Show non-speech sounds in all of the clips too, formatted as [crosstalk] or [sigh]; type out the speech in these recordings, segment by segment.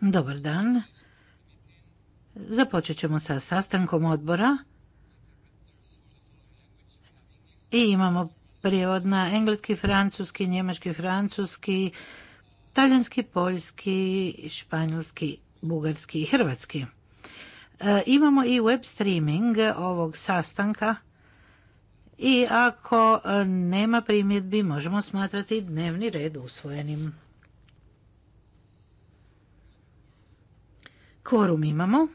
Dobar dan. Započet ćemo sa sastankom odbora. I imamo prijevod na engleski, francuski, njemački, francuski, talijanski, poljski, španjolski, bugarski i hrvatski. E, imamo i web streaming ovog sastanka i ako e, nema primjedbi možemo smatrati dnevni red usvojenim. Kvorum imamo.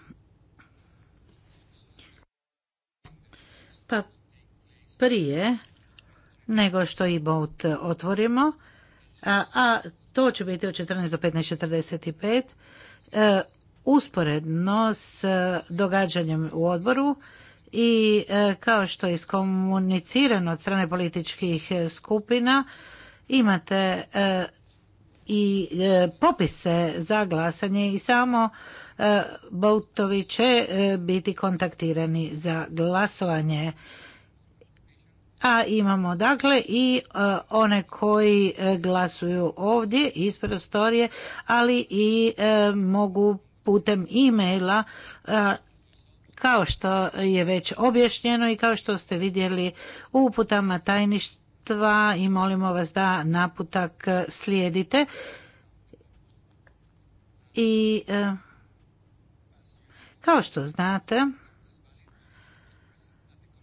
Pa prije nego što i bot otvorimo, a, to će biti od 14 do 15.45, e, usporedno s događanjem u odboru i e, kao što je iskomunicirano od strane političkih skupina, imate e, i e, popise za glasanje i samo e, Boutovi će e, biti kontaktirani za glasovanje. A imamo dakle i one koji glasuju ovdje iz prostorije, ali i mogu putem e-maila kao što je već objašnjeno i kao što ste vidjeli u uputama tajništva i molimo vas da naputak slijedite. I e, kao što znate,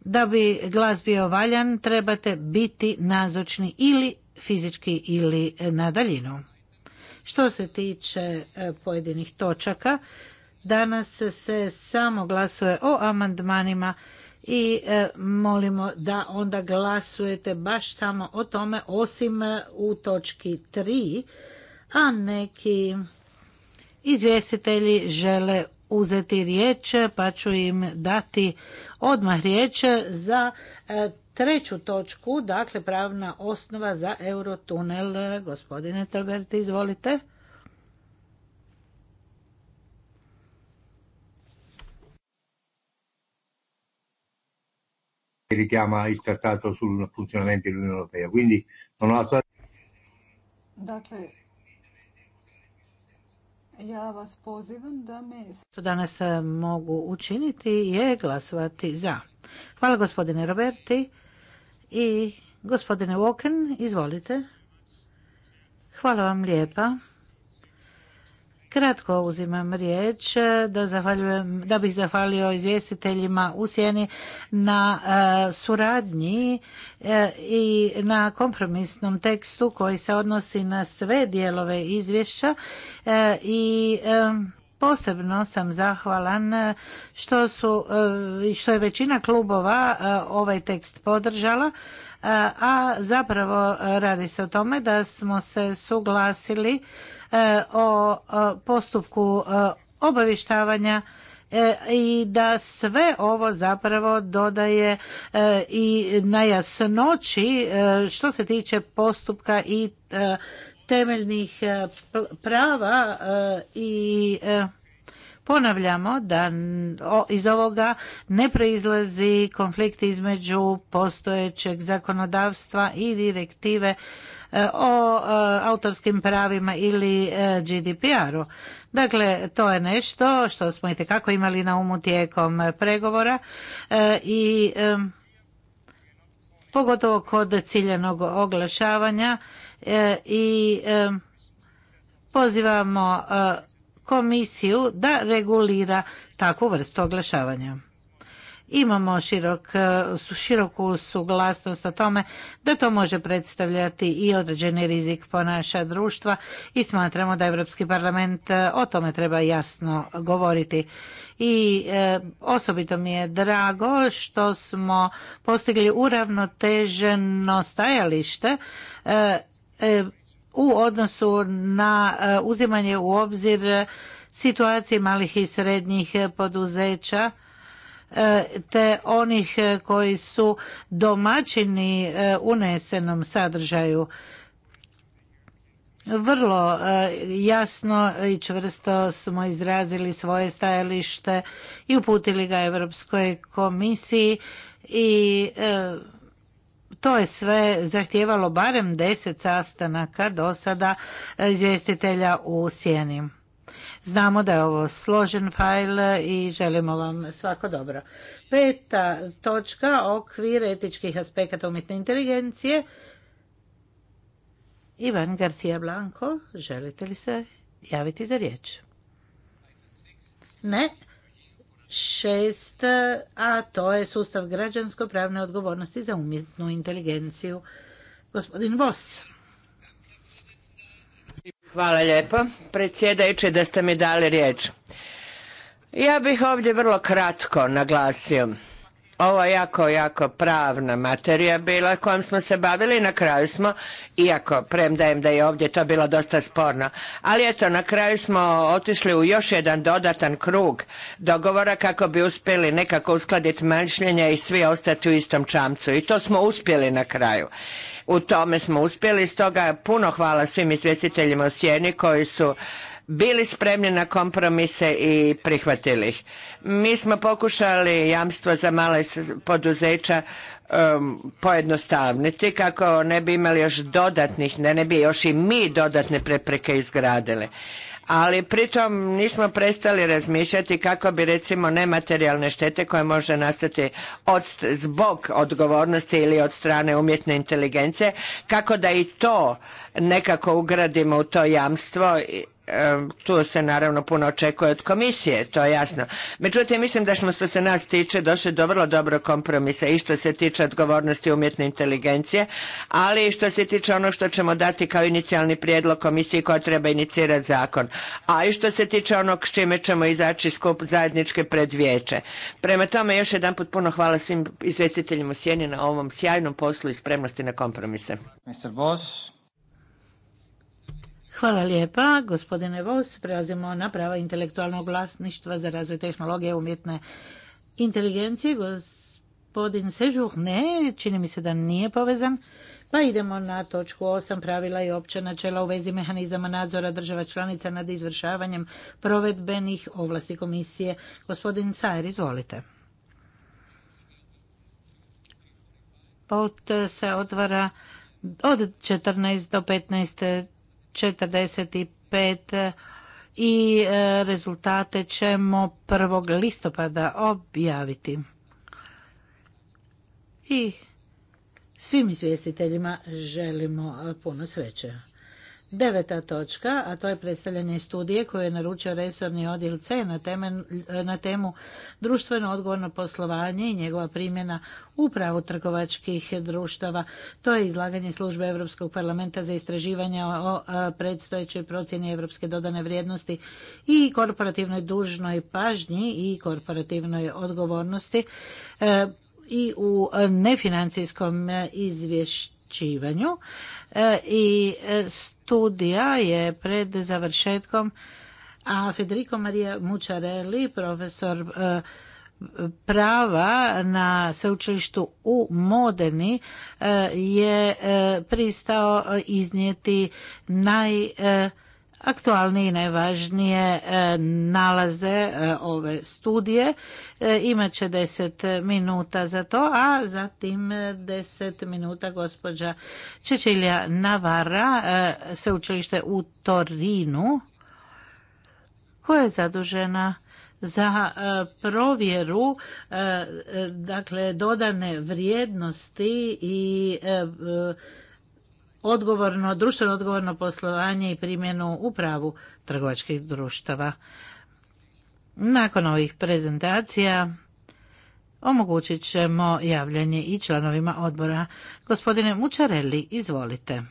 da bi glas bio valjan trebate biti nazočni ili fizički ili e, na daljinu. Što se tiče e, pojedinih točaka, danas se samo glasuje o amandmanima i e, molimo da onda glasujete baš samo o tome osim e, u točki 3, a neki izvjestitelji žele uzeti riječ pa ću im dati odmah riječ za e, treću točku, dakle pravna osnova za Eurotunel. Gospodine Talberti, izvolite. richiama il trattato sul funzionamento dell'Unione Europea. Quindi non ho Dakle, ja vas pozivam da me... To danas e, mogu učiniti je glasovati za. Hvala gospodine Roberti i gospodine Woken, izvolite. Hvala vam lijepa. Kratko uzimam riječ e, da, da bih zahvalio izvjestiteljima u Sjeni na e, suradnji e, i na kompromisnom tekstu koji se odnosi na sve dijelove izvješća i Posebno sam zahvalan što, su, što je većina klubova ovaj tekst podržala, a zapravo radi se o tome da smo se suglasili E, o e, postupku e, obavištavanja i da sve ovo zapravo dodaje i na jasnoći što se tiče postupka i temeljnih prava i ponavljamo da iz ovoga ne proizlazi konflikt između postojećeg zakonodavstva i direktive E, o e, autorskim pravima ili e, GDPR-u. Dakle, to je nešto što smo i tekako imali na umu tijekom pregovora i pogotovo kod ciljenog oglašavanja i pozivamo komisiju da regulira takvu vrstu oglašavanja imamo širok, e, široku suglasnost o tome da to može predstavljati i određeni rizik po naša društva i smatramo da Europski parlament e, o tome treba jasno govoriti. I e, osobito mi je drago što smo postigli uravnoteženo stajalište u odnosu na uzimanje u obzir situacije malih i srednjih poduzeća E, te onih e, koji su domaćini e, unesenom sadržaju vrlo jasno i čvrsto smo izrazili svoje stajalište i uputili ga Europskoj komisiji i to je sve zahtijevalo barem deset sastanaka do sada izvjestitelja u sjeni. Znamo da je ovo složen fajl i želimo vam svako dobro. Peta točka, okvir etičkih aspekata umjetne inteligencije. Ivan Garcia Blanco, želite li se javiti za riječ? Ne. Šest, a to je sustav građansko-pravne odgovornosti za umjetnu inteligenciju. Gospodin Vos. Hvala lijepo. Predsjedajući da ste mi dali riječ. Ja bih ovdje vrlo kratko naglasio. Ovo je jako, jako pravna materija bila kojom smo se bavili i na kraju smo, iako premdajem da je ovdje to bilo dosta sporno, ali eto, na kraju smo otišli u još jedan dodatan krug dogovora kako bi uspjeli nekako uskladiti mišljenja i svi ostati u istom čamcu. I to smo uspjeli na kraju u tome smo uspjeli. Stoga puno hvala svim izvjestiteljima u Sjeni koji su bili spremni na kompromise i prihvatili ih. Mi smo pokušali jamstvo za male poduzeća um, pojednostavniti kako ne bi imali još dodatnih, ne, ne bi još i mi dodatne prepreke izgradili ali pritom nismo prestali razmišljati kako bi recimo nematerijalne štete koje može nastati od, zbog odgovornosti ili od strane umjetne inteligencije, kako da i to nekako ugradimo u to jamstvo tu se naravno puno očekuje od komisije, to je jasno. Međutim, mislim da smo što se nas tiče došli do vrlo dobro kompromisa i što se tiče odgovornosti umjetne inteligencije, ali i što se tiče onog što ćemo dati kao inicijalni prijedlog komisiji koja treba inicirati zakon, a i što se tiče onog s čime ćemo izaći skup zajedničke predvijeće. Prema tome, još jedan put puno hvala svim izvjestiteljima u Sjeni na ovom sjajnom poslu i spremnosti na kompromise. Mr. Boss. Hvala lijepa, gospodine Vos. Prelazimo na prava intelektualnog vlasništva za razvoj tehnologije umjetne inteligencije. Gospodin Sežuh, ne, čini mi se da nije povezan. Pa idemo na točku 8 pravila i opća načela u vezi mehanizama nadzora država članica nad izvršavanjem provedbenih ovlasti komisije. Gospodin Sajer, izvolite. Pot se otvara od 14 do 15 45 i e, rezultate ćemo 1. listopada objaviti. I svim izvjestiteljima želimo puno sreće. Deveta točka, a to je predstavljanje studije koje je naručio resorni odjel C na, temu društveno odgovorno poslovanje i njegova primjena u pravu trgovačkih društava. To je izlaganje službe Europskog parlamenta za istraživanje o predstojećoj procjeni europske dodane vrijednosti i korporativnoj dužnoj pažnji i korporativnoj odgovornosti e, i u nefinancijskom e, izvješću E, i e, studija je pred završetkom a Federico Maria Mučarelli, profesor e, prava na sveučilištu u Modeni je pristao iznijeti naj aktualnije i najvažnije e, nalaze e, ove studije. E, Imaće deset minuta za to, a zatim deset minuta gospođa Čečilja Navara, sveučilište u Torinu, koja je zadužena za provjeru dakle dodane vrijednosti i odgovorno, društveno odgovorno poslovanje i primjenu u pravu trgovačkih društava. Nakon ovih prezentacija omogućit ćemo javljanje i članovima odbora. Gospodine Mučarelli, izvolite.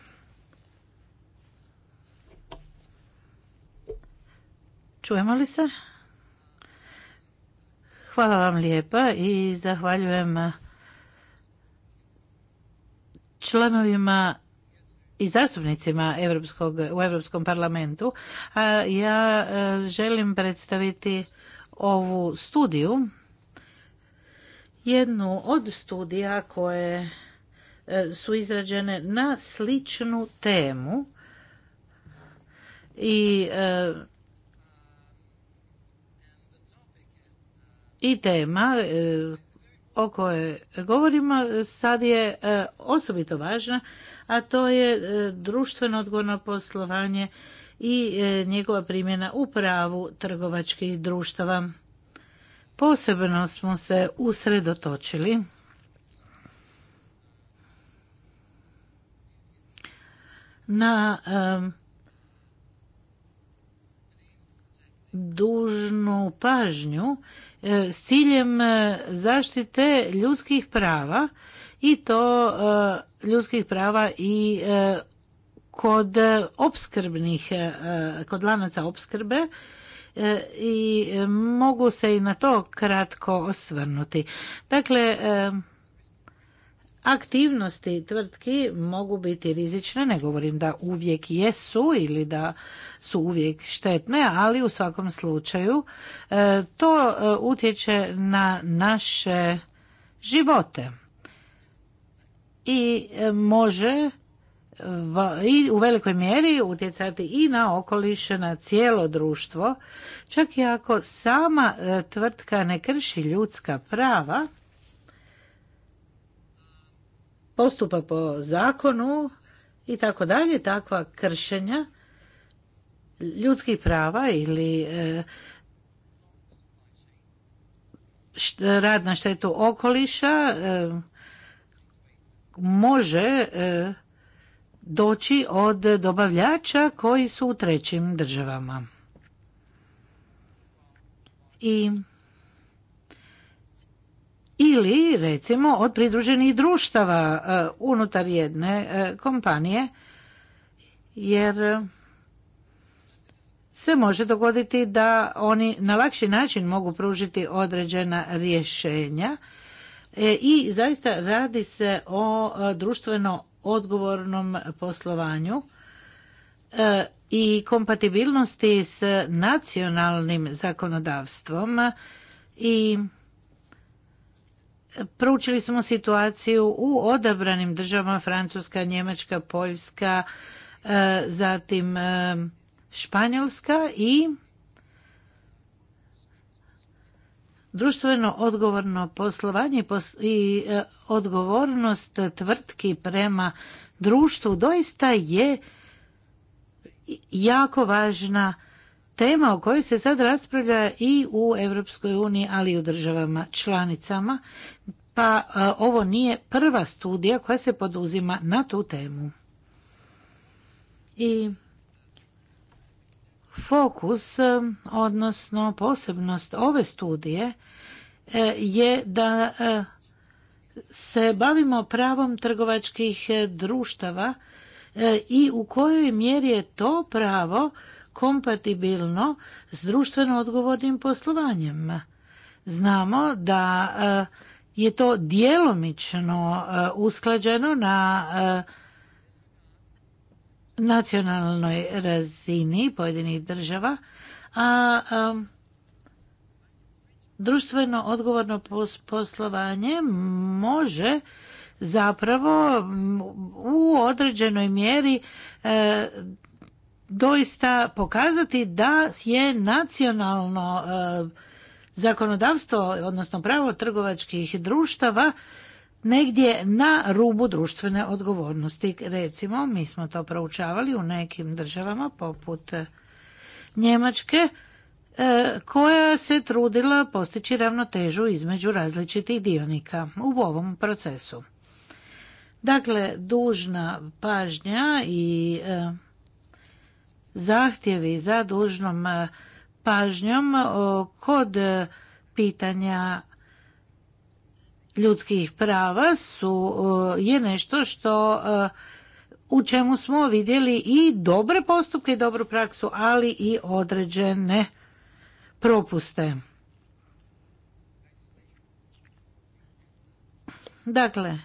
Čujemo li se? Hvala vam lijepa i zahvaljujem članovima i zastupnicima u Europskom parlamentu. A ja e, želim predstaviti ovu studiju, jednu od studija koje e, su izrađene na sličnu temu i e, i tema o kojoj govorimo sad je osobito važna a to je e, društveno odgovorno poslovanje i e, njegova primjena u pravu trgovačkih društava. Posebno smo se usredotočili na dužnu pažnju e, s ciljem zaštite ljudskih prava i to e, ljudskih prava i e, kod opskrbnih, e, kod lanaca opskrbe i mogu se i na to kratko osvrnuti. Dakle, aktivnosti tvrtki mogu biti rizične, ne govorim da uvijek jesu ili da su uvijek štetne, ali u svakom slučaju to utječe na naše živote i e, može i u velikoj mjeri utjecati i na okoliš, na cijelo društvo. Čak i ako sama e, tvrtka ne krši ljudska prava, postupa po zakonu i tako dalje, takva kršenja ljudskih prava ili e, rad na štetu okoliša može e, doći od dobavljača koji su u trećim državama. I ili recimo od pridruženih društava e, unutar jedne e, kompanije jer se može dogoditi da oni na lakši način mogu pružiti određena rješenja E, i zaista radi se o e, društveno odgovornom poslovanju e, i kompatibilnosti s nacionalnim zakonodavstvom i proučili smo situaciju u odabranim državama Francuska, Njemačka, Poljska, zatim Španjolska i društveno odgovorno poslovanje i e, odgovornost tvrtki prema društvu doista je jako važna tema o kojoj se sad raspravlja i u Europskoj uniji, ali i u državama članicama, pa e, ovo nije prva studija koja se poduzima na tu temu. I Fokus, odnosno posebnost ove studije eh, je da eh, se bavimo pravom trgovačkih eh, društava i u kojoj mjeri je to pravo kompatibilno s društveno odgovornim poslovanjem. Znamo da je to djelomično usklađeno na nacionalnoj razini pojedinih država, a um, društveno odgovorno poslovanje može zapravo mm, u određenoj mjeri e, doista pokazati da je nacionalno e, zakonodavstvo, odnosno pravo trgovačkih društava negdje na rubu društvene odgovornosti. Recimo, mi smo to proučavali u nekim državama poput e, Njemačke, e, koja se trudila postići ravnotežu između različitih dionika u ovom procesu. Dakle, dužna pažnja i e, zahtjevi za dužnom pažnjom kod pitanja ljudskih prava su, e, je nešto što e, u čemu smo vidjeli i dobre postupke i dobru praksu, ali i određene propuste. Dakle,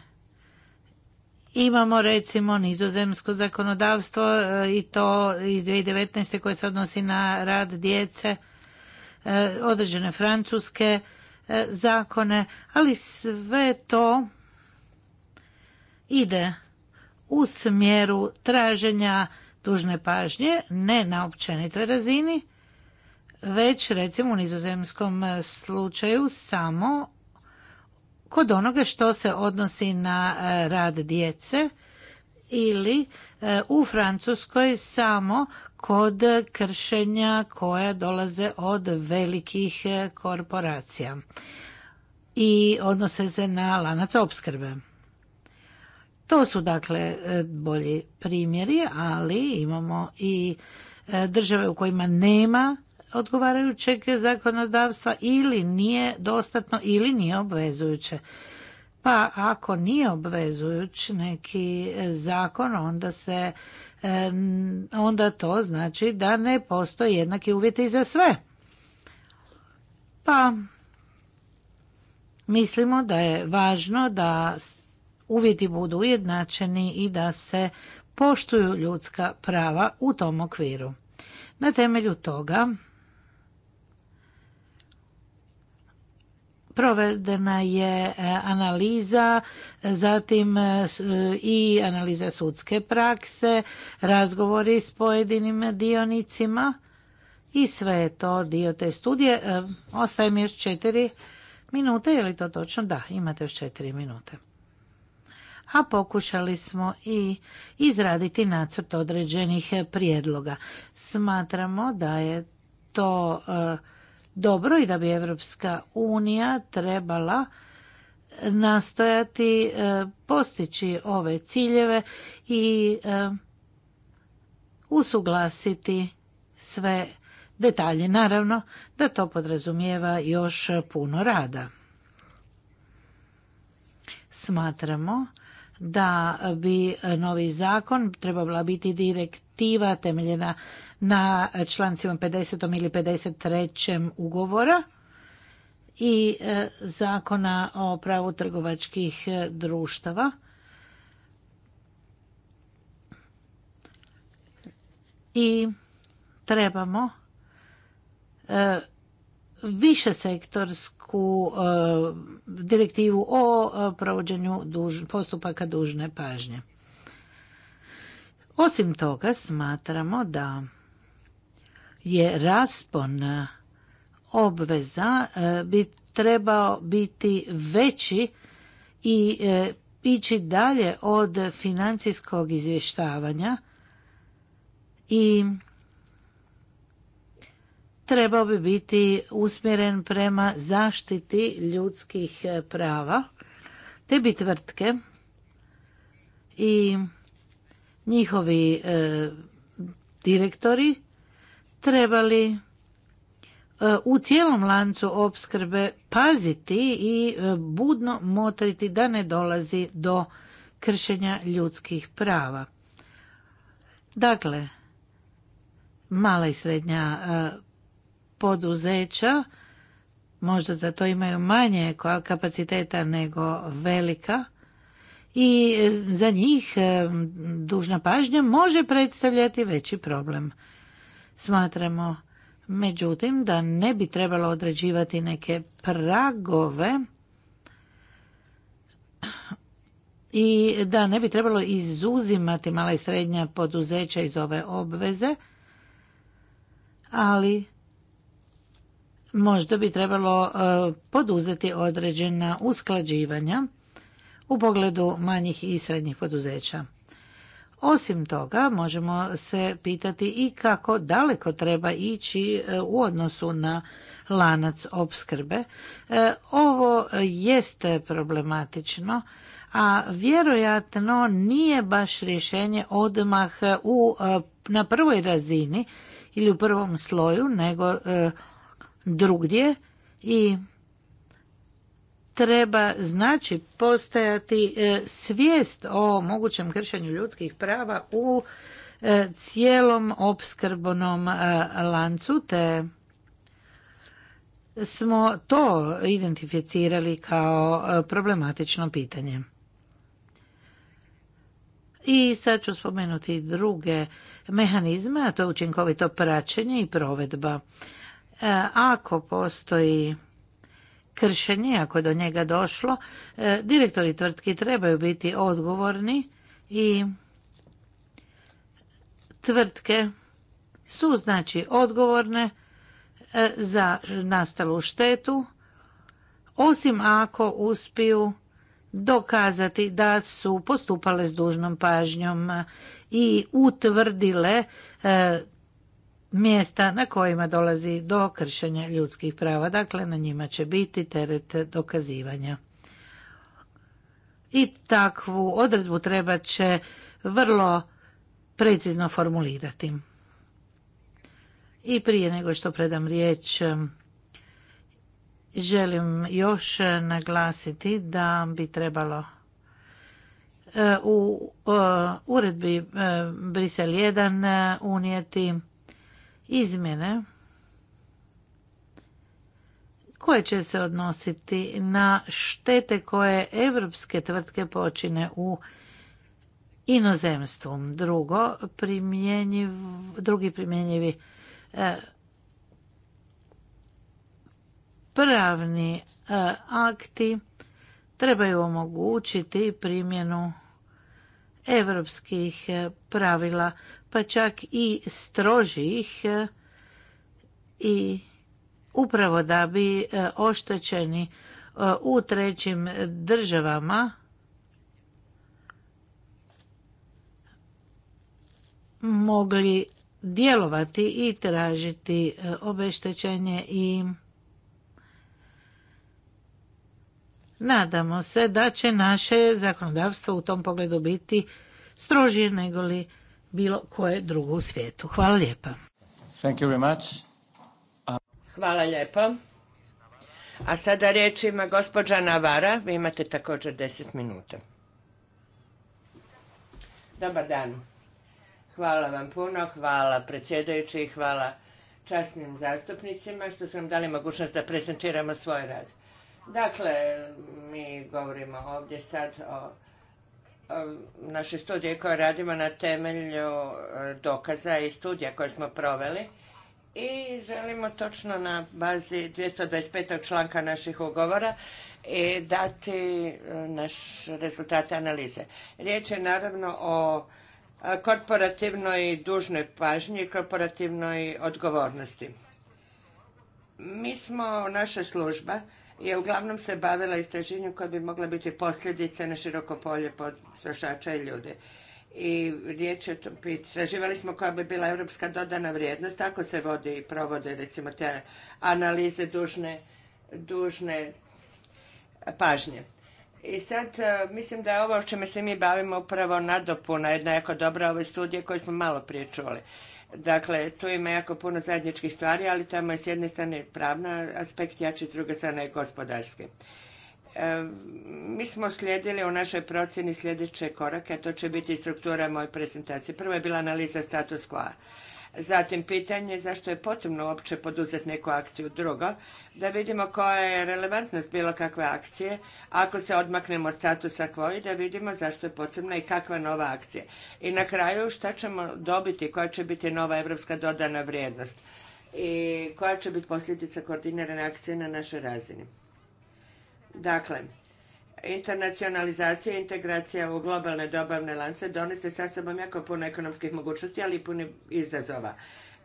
imamo recimo nizozemsko zakonodavstvo e, i to iz 2019. koje se odnosi na rad djece, određene francuske E, zakone, ali sve to ide u smjeru traženja dužne pažnje, ne na općenitoj razini, već recimo u nizozemskom slučaju samo kod onoga što se odnosi na e, rad djece ili E, u Francuskoj samo kod kršenja koja dolaze od velikih e, korporacija i odnose se na lanac opskrbe. To su dakle e, bolji primjeri, ali imamo i države u kojima nema odgovarajućeg zakonodavstva ili nije dostatno ili nije obvezujuće pa ako nije obvezujuć neki zakon onda se e, onda to znači da ne postoje jednaki uvjeti za sve. Pa mislimo da je važno da uvjeti budu ujednačeni i da se poštuju ljudska prava u tom okviru. Na temelju toga provedena je e, analiza, zatim e, e, i analiza sudske prakse, razgovori s pojedinim dionicima i sve je to dio te studije. Ostaje mi još četiri minute, je li to točno? Da, imate još četiri minute. A pokušali smo i izraditi nacrt određenih prijedloga. Smatramo da je to dobro i da bi Evropska unija trebala nastojati e, postići ove ciljeve i e, usuglasiti sve detalje. Naravno da to podrazumijeva još puno rada. Smatramo da bi novi zakon trebala biti direkt direktiva temeljena na člancima 50. ili 53. ugovora i e, zakona o pravu trgovačkih e, društava. I trebamo e, više sektorsku direktivu o provođenju postupaka dužne pažnje. Osim toga smatramo da je raspon e, obveza e, bi trebao biti veći i e, ići dalje od financijskog izvještavanja i trebao bi biti usmjeren prema zaštiti ljudskih prava te bi tvrtke i njihovi e, direktori trebali e, u cijelom lancu opskrbe paziti i e, budno motriti da ne dolazi do kršenja ljudskih prava. Dakle, mala i srednja poduzeća možda za to imaju manje kapaciteta nego velika, i e, za njih e, dužna pažnja može predstavljati veći problem. Smatramo međutim da ne bi trebalo određivati neke pragove i da ne bi trebalo izuzimati mala i srednja poduzeća iz ove obveze, ali možda bi trebalo e, poduzeti određena usklađivanja u pogledu manjih i srednjih poduzeća. Osim toga, možemo se pitati i kako daleko treba ići e, u odnosu na lanac opskrbe. E, ovo jeste problematično, a vjerojatno nije baš rješenje odmah u, e, na prvoj razini ili u prvom sloju, nego drugdje i treba znači postajati e, svijest o mogućem kršenju ljudskih prava u e, cijelom opskrbonom e, lancu te smo to identificirali kao problematično pitanje. I sad ću spomenuti druge mehanizme, a to je učinkovito praćenje i provedba. Ako postoji kršenje, ako je do njega došlo, e, direktori tvrtki trebaju biti odgovorni i tvrtke su znači odgovorne e, za nastalu štetu, osim ako uspiju dokazati da su postupale s dužnom pažnjom i utvrdile e, mjesta na kojima dolazi do kršenja ljudskih prava. Dakle, na njima će biti teret dokazivanja. I takvu odredbu treba će vrlo precizno formulirati. I prije nego što predam riječ, želim još naglasiti da bi trebalo e, u e, uredbi e, Brisel 1 unijeti izmjene koje će se odnositi na štete koje evropske tvrtke počine u inozemstvu. Drugo, drugi primjenjivi e, pravni e, akti trebaju omogućiti primjenu evropskih e, pravila pa čak i strožih e, i upravo da bi e, oštećeni e, u trećim državama mogli djelovati i tražiti obeštećenje i nadamo se da će naše zakonodavstvo u tom pogledu biti strožije nego li bilo koje drugo u svijetu. Hvala lijepa. Thank you very much. Hvala lijepo. A sada riječ ima gospođa Navara. Vi imate također 10 minuta. Dobar dan. Hvala vam puno, hvala predsjedajući i hvala časnim zastupnicima što su nam dali mogućnost da prezentiramo svoj rad. Dakle, mi govorimo ovdje sad o Ehm, naše studije koje radimo na temelju eh, dokaza i studija koje smo proveli i želimo točno na bazi 225. članka naših ugovora i eh, dati eh, naš rezultate analize. Riječ je naravno o korporativnoj dužnoj pažnji i korporativnoj odgovornosti. Mi smo, naša služba, je uglavnom se bavila istraživanjem koje bi mogla biti posljedice na široko polje potrošača i ljudi. I riječ je, istraživali smo koja bi bila europska dodana vrijednost, tako se vodi i provode recimo te analize dužne, dužne pažnje. I sad e, mislim da je ovo o čemu se mi bavimo upravo nadopuna jedna jako dobra ove studije koju smo malo prije čuli. Dakle, tu ima jako puno zajedničkih stvari, ali tamo je s jedne strane pravna aspekt jači, s druge strane je gospodarski. E, mi smo slijedili u našoj procjeni sljedeće korake, a to će biti struktura moje prezentacije. Prvo je bila analiza status quo. Zatim pitanje zašto je potrebno uopće poduzeti neku akciju. Drugo, da vidimo koja je relevantnost bilo kakve akcije, ako se odmaknemo od statusa i da vidimo zašto je potrebna i kakva nova akcija. I na kraju šta ćemo dobiti, koja će biti nova evropska dodana vrijednost i koja će biti posljedica koordinirane akcije na našoj razini. Dakle, internacionalizacija i integracija u globalne dobavne lance donese sa sobom jako puno ekonomskih mogućnosti, ali i puno izazova.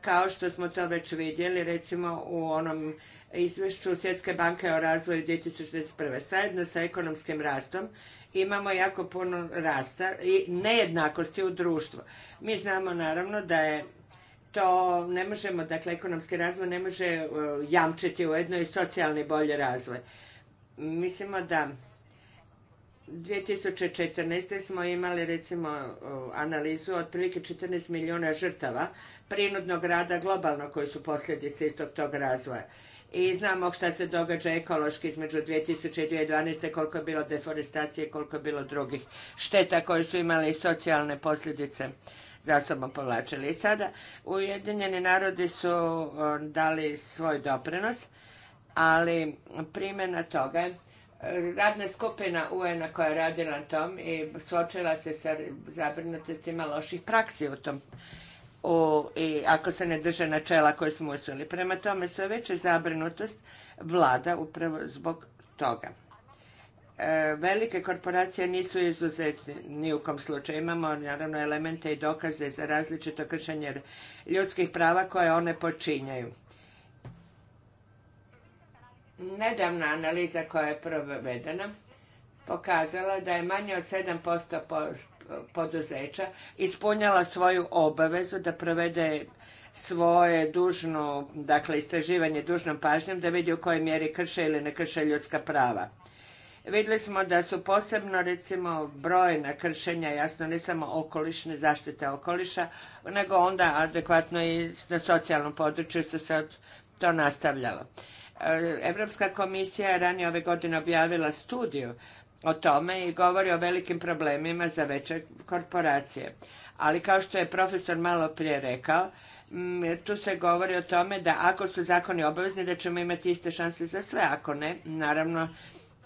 Kao što smo to već vidjeli, recimo u onom izvješću Svjetske banke o razvoju 2021. Sajedno sa ekonomskim rastom imamo jako puno rasta i nejednakosti u društvu. Mi znamo naravno da je to ne možemo, dakle ekonomski razvoj ne može e, jamčiti ujedno i socijalni bolji razvoj. Mislimo da 2014. smo imali recimo analizu otprilike 14 milijuna žrtava prinudnog rada globalno koji su posljedice istog tog razvoja. I znamo šta se događa ekološki između 2012. koliko je bilo deforestacije, koliko je bilo drugih šteta koje su imale i socijalne posljedice za sobom povlačili. I sada Ujedinjeni narodi su dali svoj doprinos, ali primjena toga radna skupina UN-a koja je radila na tom i suočila se sa zabrinutostima loših praksi u tom i ako se ne drže načela koje smo usvojili. Prema tome, sve veća zabrinutost vlada upravo zbog toga. E, velike korporacije nisu izuzete ni u kom slučaju. Imamo naravno elemente i dokaze za različito kršenje ljudskih prava koje one počinjaju nedavna analiza koja je provedena pokazala da je manje od 7% posto poduzeća ispunjala svoju obavezu da provede svoje dužno, dakle istraživanje dužnom pažnjom da vidi u kojoj mjeri krše ili ne krše ljudska prava. Vidjeli smo da su posebno recimo brojna kršenja, jasno ne samo okolišne zaštite okoliša, nego onda adekvatno i na socijalnom području se to nastavljalo. Europska komisija je ranije ove godine objavila studiju o tome i govori o velikim problemima za veće korporacije. Ali kao što je profesor malo prije rekao, tu se govori o tome da ako su zakoni obavezni da ćemo imati iste šanse za sve, ako ne, naravno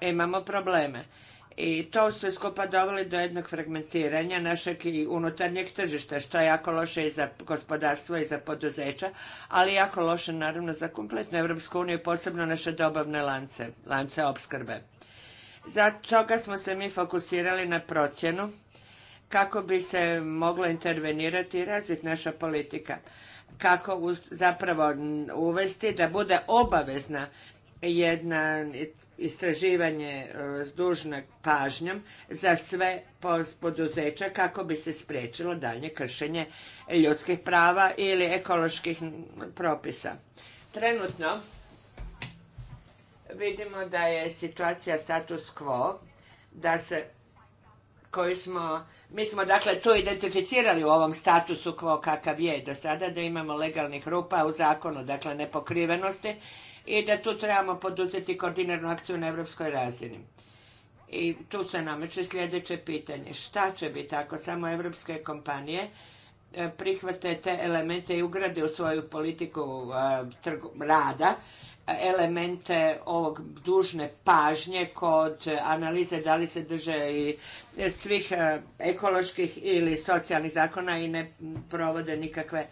imamo probleme i to sve skupa doveli do jednog fragmentiranja našeg i unutarnjeg tržišta, što je jako loše i za gospodarstvo i za poduzeća, ali jako loše naravno za kompletnu Evropsku uniju i posebno naše dobavne lance, lance opskrbe. Zato toga smo se mi fokusirali na procjenu kako bi se moglo intervenirati i razviti naša politika. Kako zapravo uvesti da bude obavezna jedna istraživanje e, s dužnom pažnjom za sve poduzeća kako bi se spriječilo dalje kršenje ljudskih prava ili ekoloških propisa. Trenutno vidimo da je situacija status quo, da se koji smo, mi smo dakle to identificirali u ovom statusu quo kakav je do sada, da imamo legalnih rupa u zakonu, dakle nepokrivenosti i da tu trebamo poduzeti koordinarnu akciju na europskoj razini. I tu se nameće sljedeće pitanje. Šta će biti ako samo europske kompanije e, prihvate te elemente i ugrade u svoju politiku e, rada e, elemente ovog dužne pažnje kod analize da li se drže i svih ekoloških ili socijalnih zakona i ne provode nikakve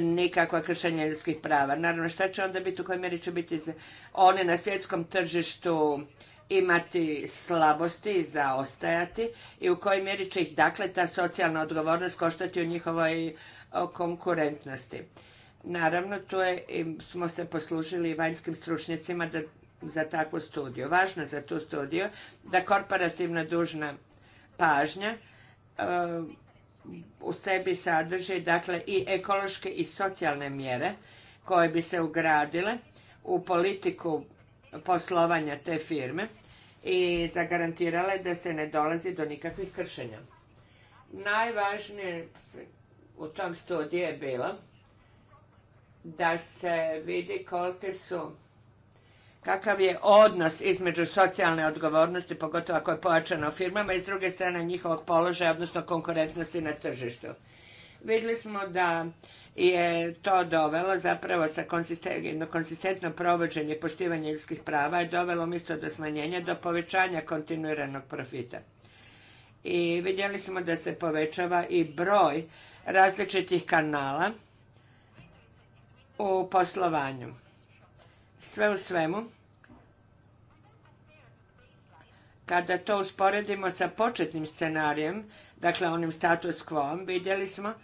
nikakva kršenja ljudskih prava. Naravno, šta će onda biti, u kojoj mjeri će biti oni na svjetskom tržištu imati slabosti, zaostajati i u kojoj mjeri će ih dakle ta socijalna odgovornost koštati u njihovoj konkurentnosti. Naravno, tu smo se poslužili vanjskim stručnjacima za takvu studiju. Važno za tu studiju da korporativna dužna pažnja e, u sebi sadrži dakle i ekološke i socijalne mjere koje bi se ugradile u politiku poslovanja te firme i zagarantirale da se ne dolazi do nikakvih kršenja. Najvažnije u tom studiju je bilo da se vidi kolike su kakav je odnos između socijalne odgovornosti, pogotovo ako je pojačano firmama, i s druge strane njihovog položaja, odnosno konkurentnosti na tržištu. Vidjeli smo da je to dovelo zapravo sa konsistentno, provođenje poštivanja ljudskih prava je dovelo umjesto do smanjenja do povećanja kontinuiranog profita. I vidjeli smo da se povećava i broj različitih kanala u poslovanju. Sve u svemu, kada to usporedimo sa početnim scenarijem, dakle onim status quo, vidjeli smo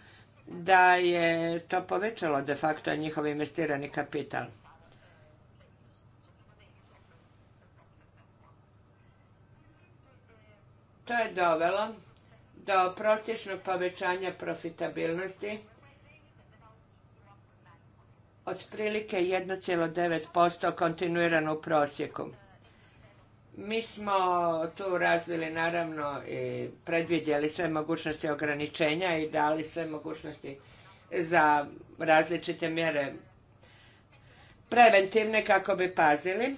da je to povećalo de facto njihov investirani kapital. To je dovelo do prosječnog povećanja profitabilnosti otprilike 1,9% kontinuirano u prosjeku. Mi smo tu razvili naravno i predvidjeli sve mogućnosti ograničenja i dali sve mogućnosti za različite mjere preventivne kako bi pazili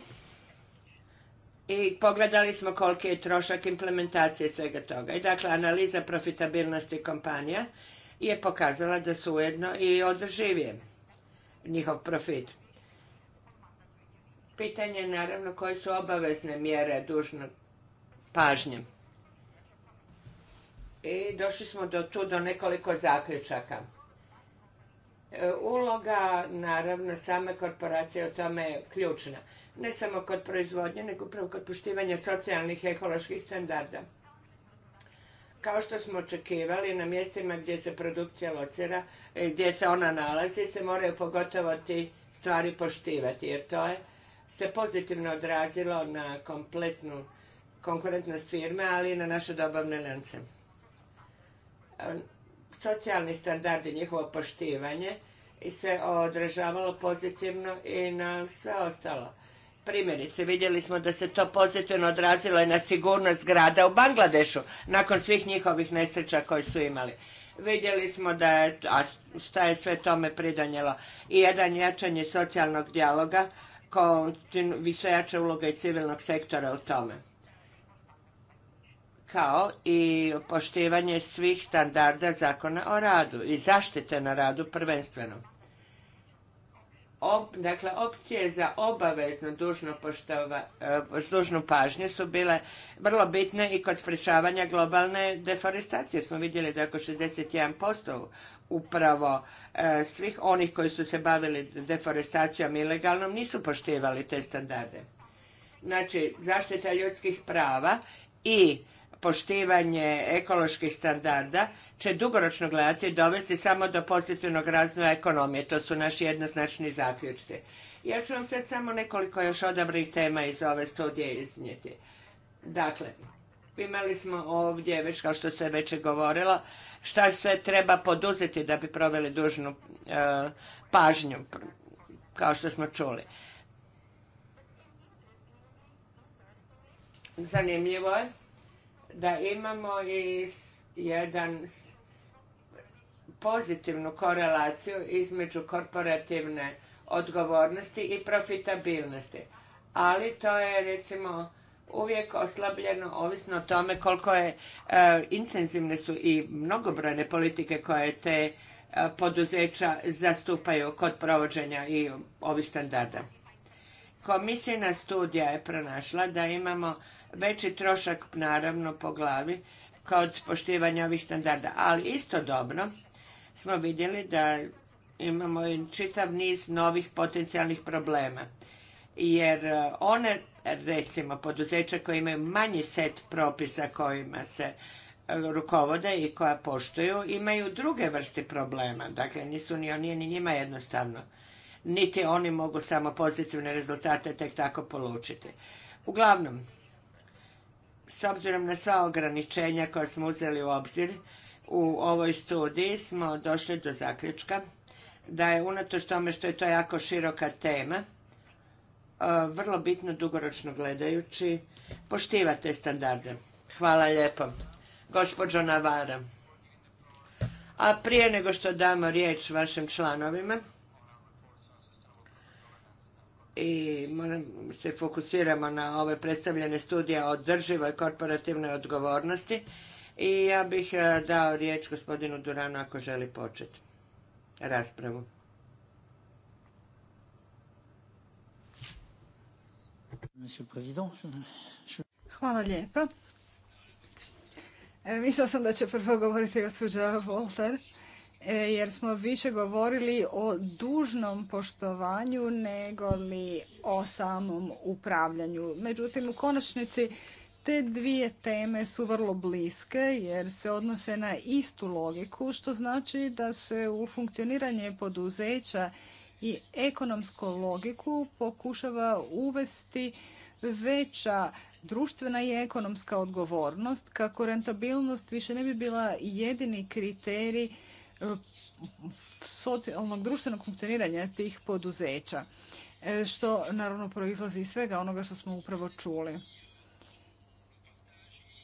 i pogledali smo koliki je trošak implementacije svega toga. I dakle, analiza profitabilnosti kompanija je pokazala da su ujedno i održivije njihov profit. Pitanje je naravno koje su obavezne mjere dužne pažnje. I došli smo do tu do nekoliko zaključaka. E, uloga, naravno, same korporacije o tome je ključna. Ne samo kod proizvodnje, nego upravo kod poštivanja socijalnih i ekoloških standarda. Kao što smo očekivali, na mjestima gdje se produkcija locira, e, gdje se ona nalazi, se moraju pogotovo ti stvari poštivati, jer to je se pozitivno odrazilo na kompletnu konkurentnost firme, ali i na naše dobavne lance. E, socijalni standard i njihovo poštivanje se odražavalo pozitivno i na sve ostalo. Primjerice, vidjeli smo da se to pozitivno odrazilo i na sigurnost grada u Bangladešu nakon svih njihovih nesreća koje su imali. Vidjeli smo da je, a šta je sve tome pridanjelo i jedan jačanje socijalnog dijaloga, više jača uloga i civilnog sektora u tome. Kao i poštivanje svih standarda zakona o radu i zaštite na radu prvenstveno dakle, opcije za obavezno dužno, poštova, e, dužnu pažnju su bile vrlo bitne i kod sprečavanja globalne deforestacije. Smo vidjeli da oko 61% upravo e, svih onih koji su se bavili deforestacijom ilegalnom nisu poštivali te standarde. Znači, zaštita ljudskih prava i poštivanje ekoloških standarda će dugoročno gledati dovesti samo do pozitivnog razvoja ekonomije. To su naši jednoznačni zaključci. Ja ću vam sad samo nekoliko još odabrih tema iz ove studije iznijeti. Dakle, imali smo ovdje, već kao što se već govorilo, šta sve treba poduzeti da bi proveli dužnu e, pažnju, kao što smo čuli. Zanimljivo je da imamo i jedan pozitivnu korelaciju između korporativne odgovornosti i profitabilnosti. Ali to je recimo uvijek oslabljeno ovisno o tome koliko je e, intenzivne su i mnogobrojne politike koje te e, poduzeća zastupaju kod provođenja i ovih standarda. Komisijna studija je pronašla da imamo veći trošak naravno po glavi kod poštivanja ovih standarda. Ali istodobno smo vidjeli da imamo čitav niz novih potencijalnih problema. Jer e, one, recimo, poduzeća koje imaju manji set propisa kojima se e, rukovode i koja poštuju, imaju druge vrste problema. Dakle, nisu ni oni ni njima jednostavno. Niti oni mogu samo pozitivne rezultate tek tako polučiti. Uglavnom, s obzirom na sva ograničenja koja smo uzeli u obzir u ovoj studiji smo došli do zaključka da je unatoč tome što je to jako široka tema, e, vrlo bitno dugoročno gledajući poštivate standarde. Hvala lijepo. Gospođo Navara. A prije nego što damo riječ vašim članovima, i se fokusiramo na ove predstavljene studije o održivoj korporativnoj odgovornosti i ja bih e, dao riječ gospodinu Duranu ako želi početi raspravu. Hvala lijepa. E, mislila sam da će prvo govoriti gospođa Volter. E, jer smo više govorili o dužnom poštovanju nego li o samom upravljanju. Međutim, u konačnici te dvije teme su vrlo bliske jer se odnose na istu logiku, što znači da se u funkcioniranje poduzeća i ekonomsku logiku pokušava uvesti veća društvena i ekonomska odgovornost kako rentabilnost više ne bi bila jedini kriterij socijalnog društvenog funkcioniranja tih poduzeća, e, što naravno proizlazi iz svega onoga što smo upravo čuli.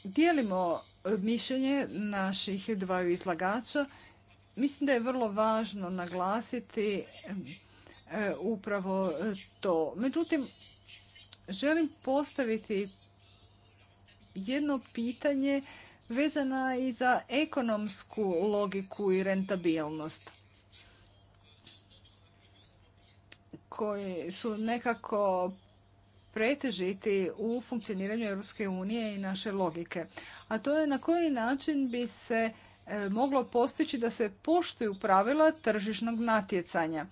Dijelimo e, mišljenje naših dvaju izlagača. Mislim da je vrlo važno naglasiti e, upravo to. Međutim, želim postaviti jedno pitanje vezana i za ekonomsku logiku i rentabilnost koji su nekako pretežiti u funkcioniranju Europske unije i naše logike. A to je na koji način bi se e, moglo postići da se poštuju pravila tržišnog natjecanja.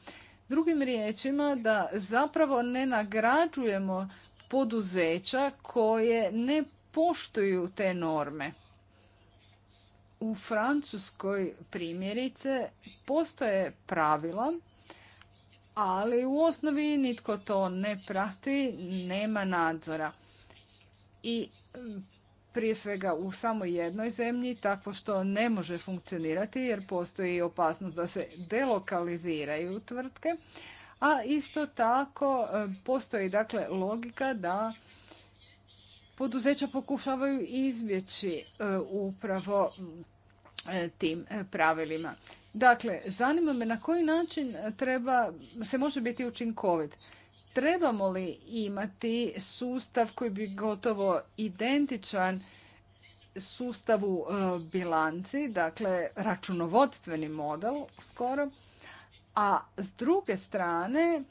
Drugim riječima da zapravo ne nagrađujemo poduzeća koje ne poštuju te norme u Francuskoj primjerice postoje pravila, ali u osnovi nitko to ne prati, nema nadzora. I prije svega u samo jednoj zemlji tako što ne može funkcionirati jer postoji opasnost da se delokaliziraju tvrtke, a isto tako e, postoji dakle logika da poduzeća pokušavaju izbjeći e, upravo e, tim e, pravilima. Dakle, zanima me na koji način treba, se može biti učinkovit. Trebamo li imati sustav koji bi gotovo identičan sustavu bilanci, dakle računovodstveni model skoro, a s druge strane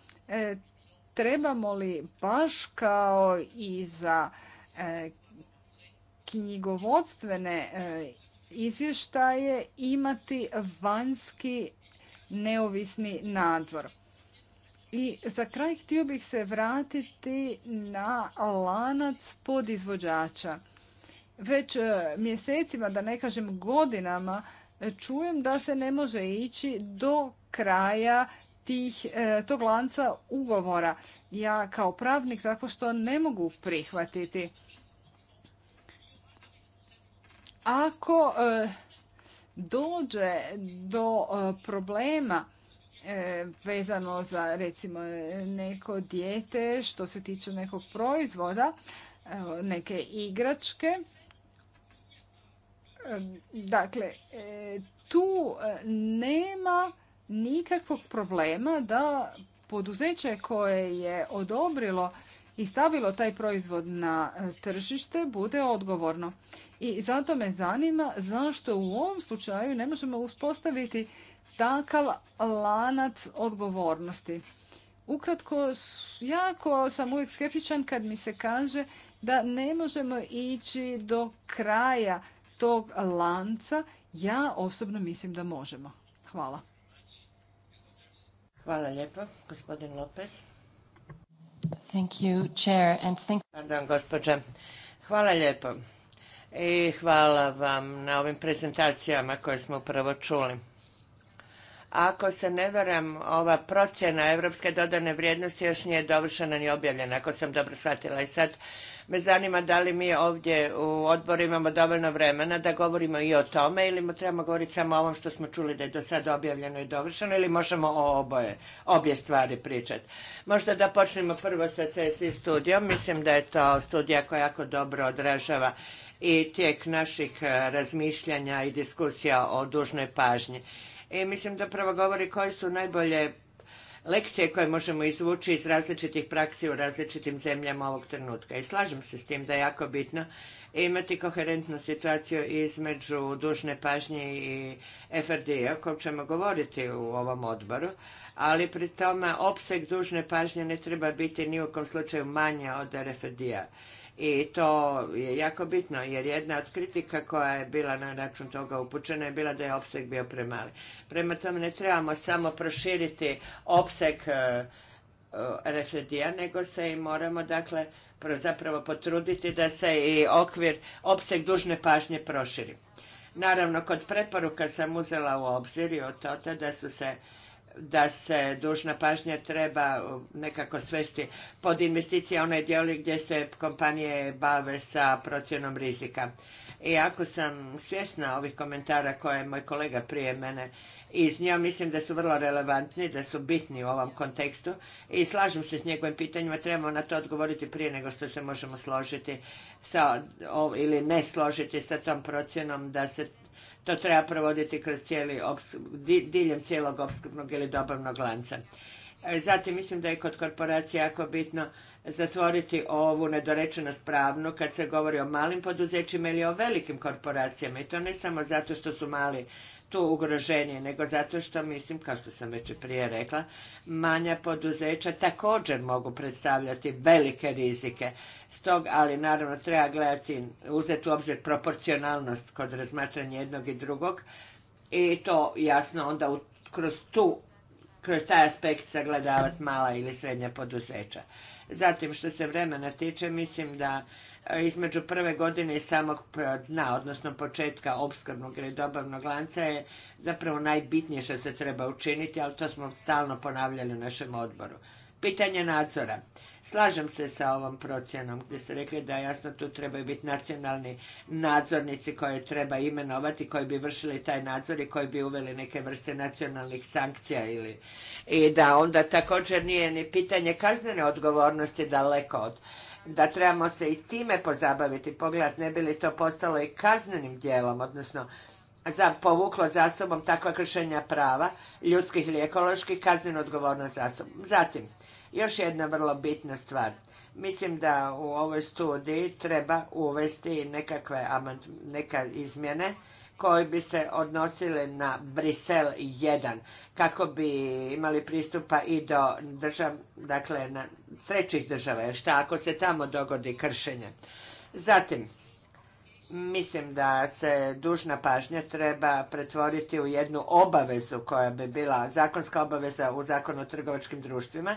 trebamo li baš kao i za E, knjigovodstvene e, izvještaje imati vanjski neovisni nadzor. I za kraj htio bih se vratiti na lanac podizvođača. Već e, mjesecima, da ne kažem godinama, čujem da se ne može ići do kraja tih, e, tog lanca ugovora. Ja kao pravnik tako što ne mogu prihvatiti. Ako e, dođe do e, problema vezano za recimo neko dijete što se tiče nekog proizvoda, neke igračke. Dakle, tu nema nikakvog problema da poduzeće koje je odobrilo i stavilo taj proizvod na tržište bude odgovorno. I zato me zanima zašto u ovom slučaju ne možemo uspostaviti takav lanac odgovornosti. Ukratko, jako sam uvijek skeptičan kad mi se kaže da ne možemo ići do kraja tog lanca. Ja osobno mislim da možemo. Hvala. Hvala lijepo, gospodin Lopez. Thank you, chair, and thank... gospođa. Hvala lijepo i hvala vam na ovim prezentacijama koje smo upravo čuli. Ako se ne varam, ova procjena europske dodane vrijednosti još nije dovršena ni objavljena, ako sam dobro shvatila. I sad me zanima da li mi ovdje u odboru imamo dovoljno vremena da govorimo i o tome ili trebamo govoriti samo o ovom što smo čuli da je do sada objavljeno i dovršeno ili možemo o oboje, obje stvari pričati. Možda da počnemo prvo sa CSI studijom. Mislim da je to studija koja jako dobro odražava i tijek naših eh, razmišljanja i diskusija o dužnoj pažnji i mislim da prvo govori koje su najbolje lekcije koje možemo izvući iz različitih praksi u različitim zemljama ovog trenutka. I slažem se s tim da je jako bitno imati koherentnu situaciju između dužne pažnje i FRD-a o kojem ćemo govoriti u ovom odboru, ali pri tome opseg dužne pažnje ne treba biti ni u kom slučaju manja od RFD-a. I to je jako bitno jer jedna od kritika koja je bila na račun toga upućena je bila da je opseg bio premali. Prema tome ne trebamo samo proširiti opseg e, e, refredija nego se i moramo dakle zapravo potruditi da se i okvir, opseg dužne pažnje proširi. Naravno, kod preporuka sam uzela u obzir i od toga da su se da se dužna pažnja treba nekako svesti pod investicije onaj dijeli gdje se kompanije bave sa procjenom rizika. I ako sam svjesna ovih komentara koje je moj kolega prije mene iznio, mislim da su vrlo relevantni, da su bitni u ovom kontekstu i slažem se s njegovim pitanjima, trebamo na to odgovoriti prije nego što se možemo složiti sa, ili ne složiti sa tom procjenom da se to treba provoditi kroz cijeli diljem cijelog opskrbnog ili dobavnog lanca. E, zatim mislim da je kod korporacija jako bitno zatvoriti ovu nedorečenost pravnu kad se govori o malim poduzećima ili o velikim korporacijama i to ne samo zato što su mali tu ugroženije, nego zato što mislim, kao što sam već prije rekla, manja poduzeća također mogu predstavljati velike rizike. Stog, ali naravno treba gledati, uzeti u obzir proporcionalnost kod razmatranja jednog i drugog i to jasno onda kroz tu kroz taj aspekt sagledavati mala ili srednja poduzeća. Zatim, što se vremena tiče, mislim da između prve godine i samog dna, odnosno početka opskrbnog ili dobavnog lanca je zapravo najbitnije što se treba učiniti, ali to smo stalno ponavljali u našem odboru. Pitanje nadzora. Slažem se sa ovom procjenom gdje ste rekli da jasno tu trebaju biti nacionalni nadzornici koje treba imenovati, koji bi vršili taj nadzor i koji bi uveli neke vrste nacionalnih sankcija ili i da onda također nije ni pitanje kaznene odgovornosti daleko od da trebamo se i time pozabaviti, pogledat ne bi li to postalo i kaznenim dijelom, odnosno za, povuklo za sobom takva kršenja prava, ljudskih ili ekoloških, kaznenu odgovornost za sobom. Zatim, još jedna vrlo bitna stvar. Mislim da u ovoj studiji treba uvesti nekakve neka izmjene koje bi se odnosile na Brisel 1 kako bi imali pristupa i do držav, dakle na trećih država, jer šta ako se tamo dogodi kršenje. Zatim, mislim da se dužna pažnja treba pretvoriti u jednu obavezu koja bi bila zakonska obaveza u zakonu o trgovačkim društvima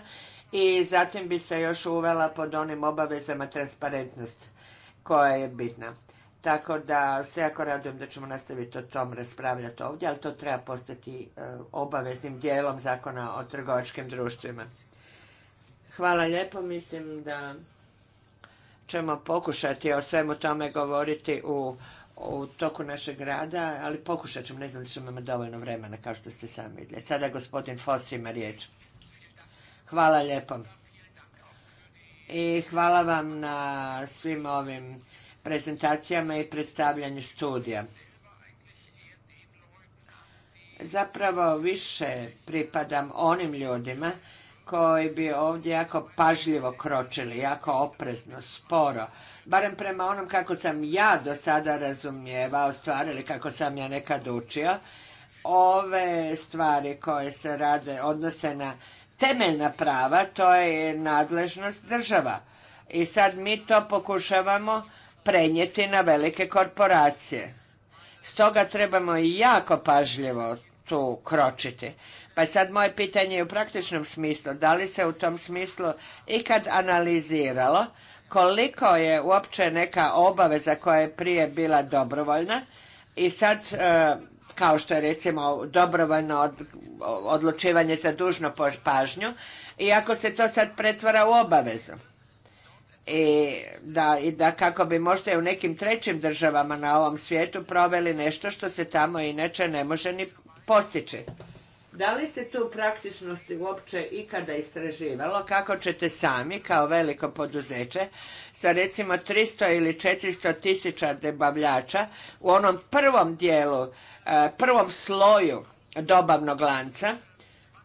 i zatim bi se još uvela pod onim obavezama transparentnost koja je bitna. Tako da se jako radujem da ćemo nastaviti o tom raspravljati ovdje, ali to treba postati e, obaveznim dijelom zakona o trgovačkim društvima. Hvala lijepo, mislim da ćemo pokušati o svemu tome govoriti u, u toku našeg rada, ali pokušat ćemo, ne znam da ćemo imati dovoljno vremena, kao što ste sami vidjeli. Sada gospodin Fos ima riječ. Hvala lijepo. I hvala vam na svim ovim prezentacijama i predstavljanju studija. Zapravo više pripadam onim ljudima koji bi ovdje jako pažljivo kročili, jako oprezno, sporo. Barem prema onom kako sam ja do sada razumijevao stvari ili kako sam ja nekad učio, ove stvari koje se rade odnose na temeljna prava, to je nadležnost država. I sad mi to pokušavamo prenijeti na velike korporacije. Stoga trebamo i jako pažljivo tu kročiti. Pa sad moje pitanje je u praktičnom smislu, da li se u tom smislu ikad analiziralo koliko je uopće neka obaveza koja je prije bila dobrovoljna i sad e, kao što je recimo dobrovoljno odlučivanje za dužnu pažnju i ako se to sad pretvara u obavezu i da, i da kako bi možda i u nekim trećim državama na ovom svijetu proveli nešto što se tamo inače ne može ni postići. Da li se tu praktičnosti uopće ikada istraživalo kako ćete sami kao veliko poduzeće sa recimo 300 ili 400 tisuća debavljača u onom prvom dijelu, e, prvom sloju dobavnog lanca,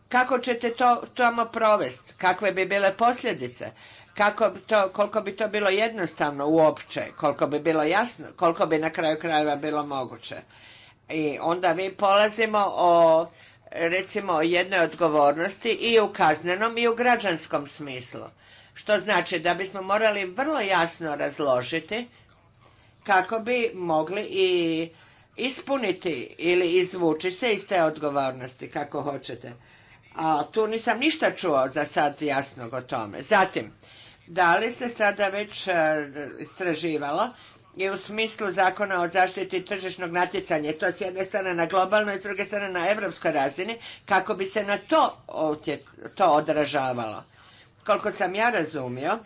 kako ćete to tamo provesti, kakve bi bile posljedice kako bi to, koliko bi to bilo jednostavno uopće, koliko bi bilo jasno, koliko bi na kraju krajeva bilo moguće. I onda mi polazimo o recimo o jednoj odgovornosti i u kaznenom i u građanskom smislu. Što znači da bismo morali vrlo jasno razložiti kako bi mogli i ispuniti ili izvući se iz te odgovornosti kako hoćete. A tu nisam ništa čuo za sad jasnog o tome. Zatim, da li se sada već e, istraživalo i u smislu zakona o zaštiti tržišnog natjecanja, to s jedne strane na globalnoj, s druge strane na evropskoj razini, kako bi se na to, to odražavalo. Koliko sam ja razumio,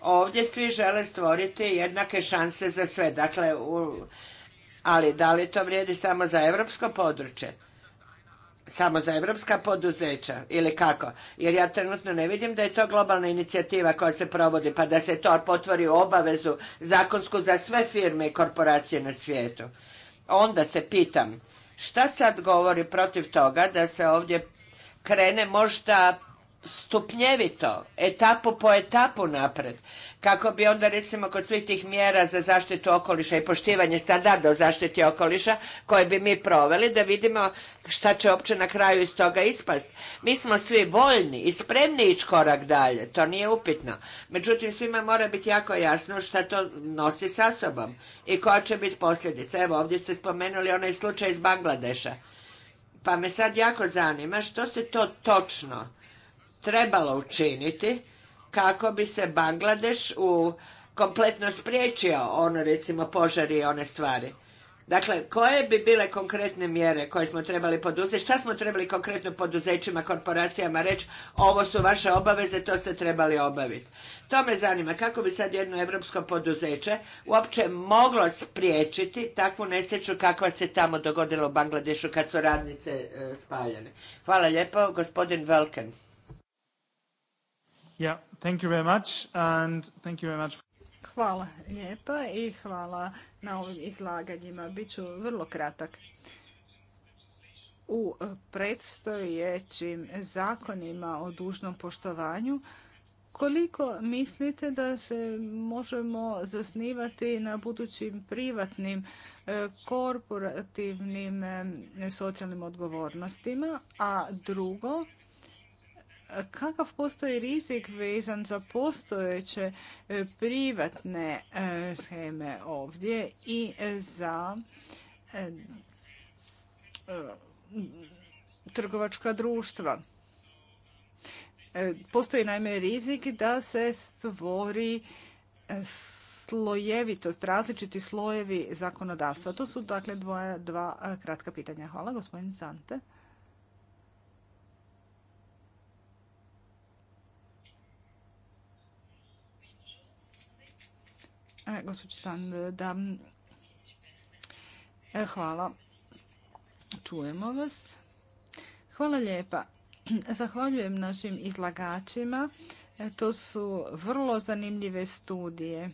ovdje svi žele stvoriti jednake šanse za sve, dakle, ali da li to vrijedi samo za europsko područje? samo za evropska poduzeća ili kako? Jer ja trenutno ne vidim da je to globalna inicijativa koja se provodi pa da se to potvori u obavezu zakonsku za sve firme i korporacije na svijetu. Onda se pitam šta sad govori protiv toga da se ovdje krene možda stupnjevito, etapu po etapu napred kako bi onda recimo kod svih tih mjera za zaštitu okoliša i poštivanje standarda o zaštiti okoliša koje bi mi proveli da vidimo šta će opće na kraju iz toga ispast. Mi smo svi voljni i spremni ići korak dalje, to nije upitno. Međutim, svima mora biti jako jasno šta to nosi sa sobom i koja će biti posljedica. Evo, ovdje ste spomenuli onaj slučaj iz Bangladeša. Pa me sad jako zanima što se to točno trebalo učiniti kako bi se Bangladeš u kompletno spriječio ono recimo požari i one stvari. Dakle, koje bi bile konkretne mjere koje smo trebali poduzeti? Šta smo trebali konkretno poduzećima, korporacijama reći? Ovo su vaše obaveze, to ste trebali obaviti. To me zanima, kako bi sad jedno evropsko poduzeće uopće moglo spriječiti takvu nesreću kakva se tamo dogodila u Bangladešu kad su radnice e, spaljene. Hvala lijepo, gospodin Velken. Hvala lijepa i hvala na ovim izlaganjima. Biću vrlo kratak. U predstojećim zakonima o dužnom poštovanju koliko mislite da se možemo zasnivati na budućim privatnim e, korporativnim e, socijalnim odgovornostima, a drugo kakav postoji rizik vezan za postojeće e, privatne e, scheme ovdje i za e, trgovačka društva. Postoji naime rizik da se stvori slojevitost, različiti slojevi zakonodavstva. To su dakle dva, dva kratka pitanja. Hvala, gospodin Sante. E, gospođo Sand, da... E, hvala. Čujemo vas. Hvala lijepa. Zahvaljujem našim izlagačima. E, to su vrlo zanimljive studije.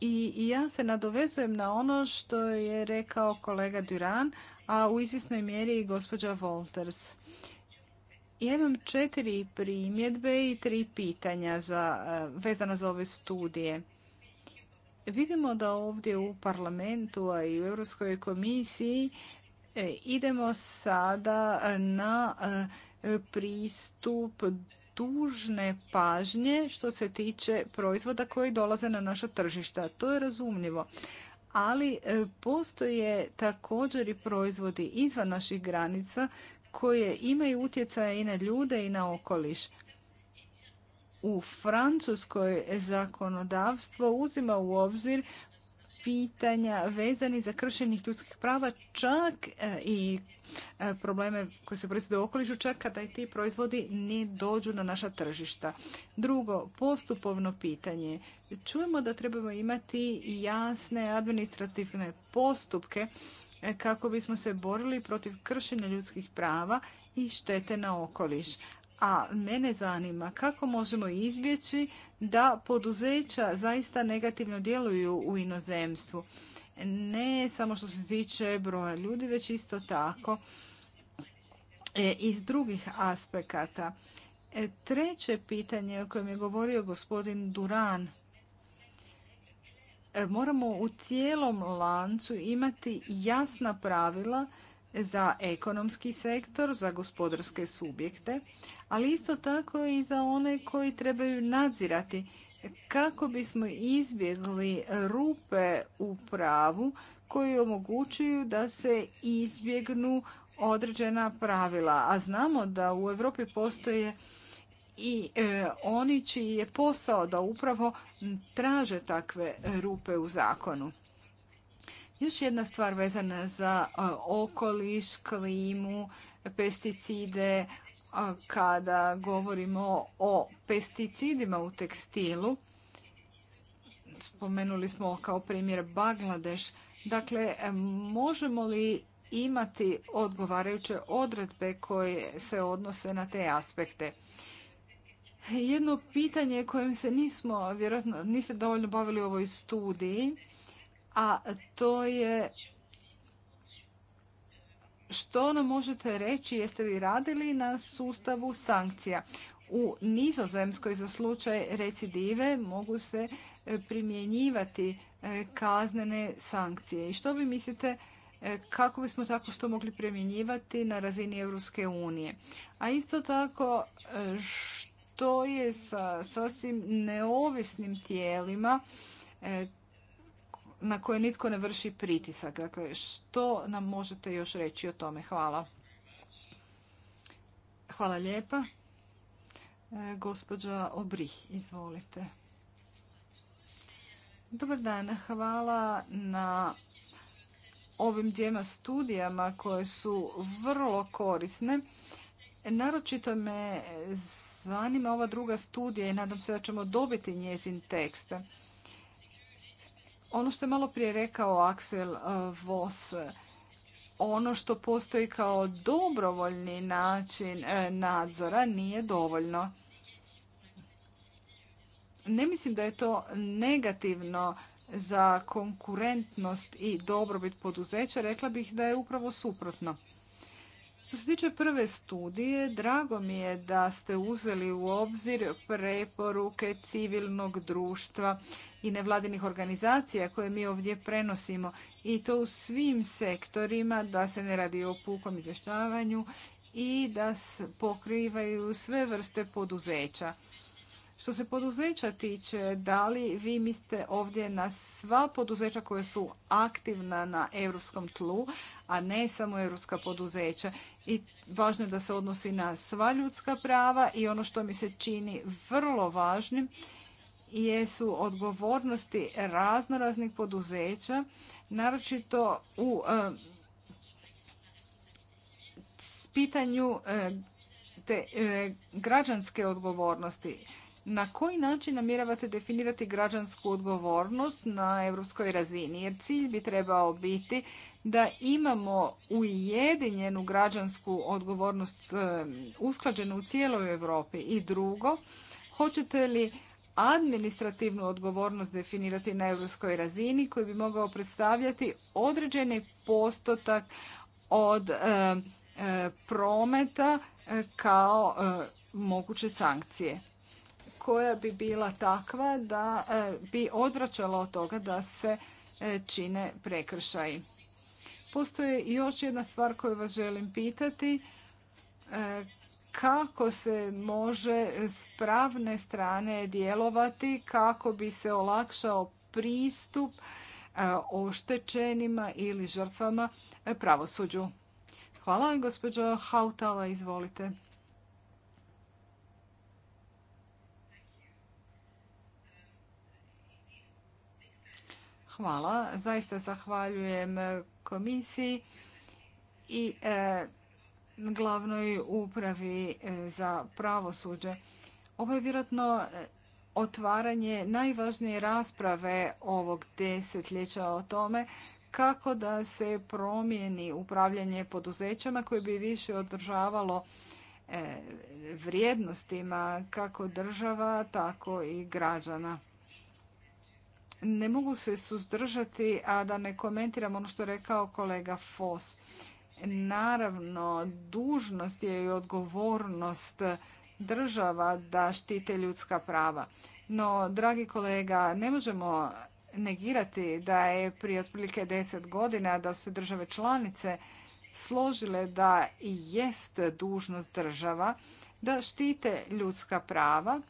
I ja se nadovezujem na ono što je rekao kolega Duran, a u izvisnoj mjeri i gospođa Wolters. Ja imam četiri primjedbe i tri pitanja za, e, vezana za ove studije. Vidimo da ovdje u parlamentu, a i u Europskoj komisiji e, idemo sada na e, pristup dužne pažnje što se tiče proizvoda koji dolaze na naša tržišta. To je razumljivo. Ali postoje također i proizvodi izvan naših granica koje imaju utjecaja i na ljude i na okoliš. U Francuskoj zakonodavstvo uzima u obzir pitanja vezani za kršenje ljudskih prava, čak e, i e, probleme koje se proizvode u okolišu, čak kada i ti proizvodi ne dođu na naša tržišta. Drugo, postupovno pitanje. Čujemo da trebamo imati jasne administrativne postupke E, kako bismo se borili protiv kršenja ljudskih prava i štete na okoliš. A mene zanima kako možemo izbjeći da poduzeća zaista negativno djeluju u inozemstvu. Ne samo što se tiče broja ljudi, već isto tako e, iz drugih aspekata. E, treće pitanje o kojem je govorio gospodin Duran E, moramo u cijelom lancu imati jasna pravila za ekonomski sektor, za gospodarske subjekte, ali isto tako i za one koji trebaju nadzirati kako bismo izbjegli rupe u pravu koji omogućuju da se izbjegnu određena pravila. A znamo da u Europi postoje i e, oni čiji je posao da upravo traže takve rupe u zakonu. Još jedna stvar vezana za e, okoliš, klimu, pesticide. E, kada govorimo o pesticidima u tekstilu, spomenuli smo kao primjer Bagladeš, Dakle, možemo li imati odgovarajuće odredbe koje se odnose na te aspekte? jedno pitanje kojim se nismo, vjerojatno niste dovoljno bavili u ovoj studiji, a to je što nam možete reći, jeste li radili na sustavu sankcija? U nizozemskoj za slučaj recidive mogu se e, primjenjivati e, kaznene sankcije. I što vi mislite e, kako bismo tako što mogli primjenjivati na razini Europske unije? A isto tako, što to je sa sasvim neovisnim tijelima e, na koje nitko ne vrši pritisak. Dakle, što nam možete još reći o tome? Hvala. Hvala lijepa. E, gospođa Obrih, izvolite. Dobar dan, hvala na ovim dvijema studijama koje su vrlo korisne. Naročito me zanima ova druga studija i nadam se da ćemo dobiti njezin tekst. Ono što je malo prije rekao Axel eh, Voss, ono što postoji kao dobrovoljni način eh, nadzora nije dovoljno. Ne mislim da je to negativno za konkurentnost i dobrobit poduzeća. Rekla bih da je upravo suprotno. Što se tiče prve studije, drago mi je da ste uzeli u obzir preporuke civilnog društva i nevladinih organizacija koje mi ovdje prenosimo i to u svim sektorima da se ne radi o pukom izvještavanju i da pokrivaju sve vrste poduzeća. Što se poduzeća tiče, da li vi mislite ovdje na sva poduzeća koja su aktivna na europskom tlu, a ne samo europska poduzeća? I važno je da se odnosi na sva ljudska prava i ono što mi se čini vrlo važnim jesu odgovornosti raznoraznih poduzeća, naročito u eh, pitanju eh, te eh, građanske odgovornosti na koji način namjeravate definirati građansku odgovornost na europskoj razini? Jer cilj bi trebao biti da imamo ujedinjenu građansku odgovornost e, usklađenu u cijeloj Europi. I drugo, hoćete li administrativnu odgovornost definirati na europskoj razini koji bi mogao predstavljati određeni postotak od e, e, prometa kao moguće sankcije? koja bi bila takva da e, bi odvraćala od toga da se e, čine prekršaji. Postoji još jedna stvar koju vas želim pitati. E, kako se može s pravne strane djelovati kako bi se olakšao pristup oštećenima ili žrtvama pravosuđu? Hvala, gospođo Hautala, izvolite. Hvala. Zaista zahvaljujem komisiji i e, glavnoj upravi e, za pravosuđe. Ovo je vjerojatno e, otvaranje najvažnije rasprave ovog desetljeća o tome kako da se promijeni upravljanje poduzećama koje bi više održavalo vrijednostima kako država, tako i građana. Ne mogu se suzdržati, a da ne komentiram ono što je rekao kolega Fos. Naravno, dužnost je i odgovornost država da štite ljudska prava. No, dragi kolega, ne možemo negirati da je prije otprilike 10 godina da su države članice složile da i jest dužnost država da štite ljudska prava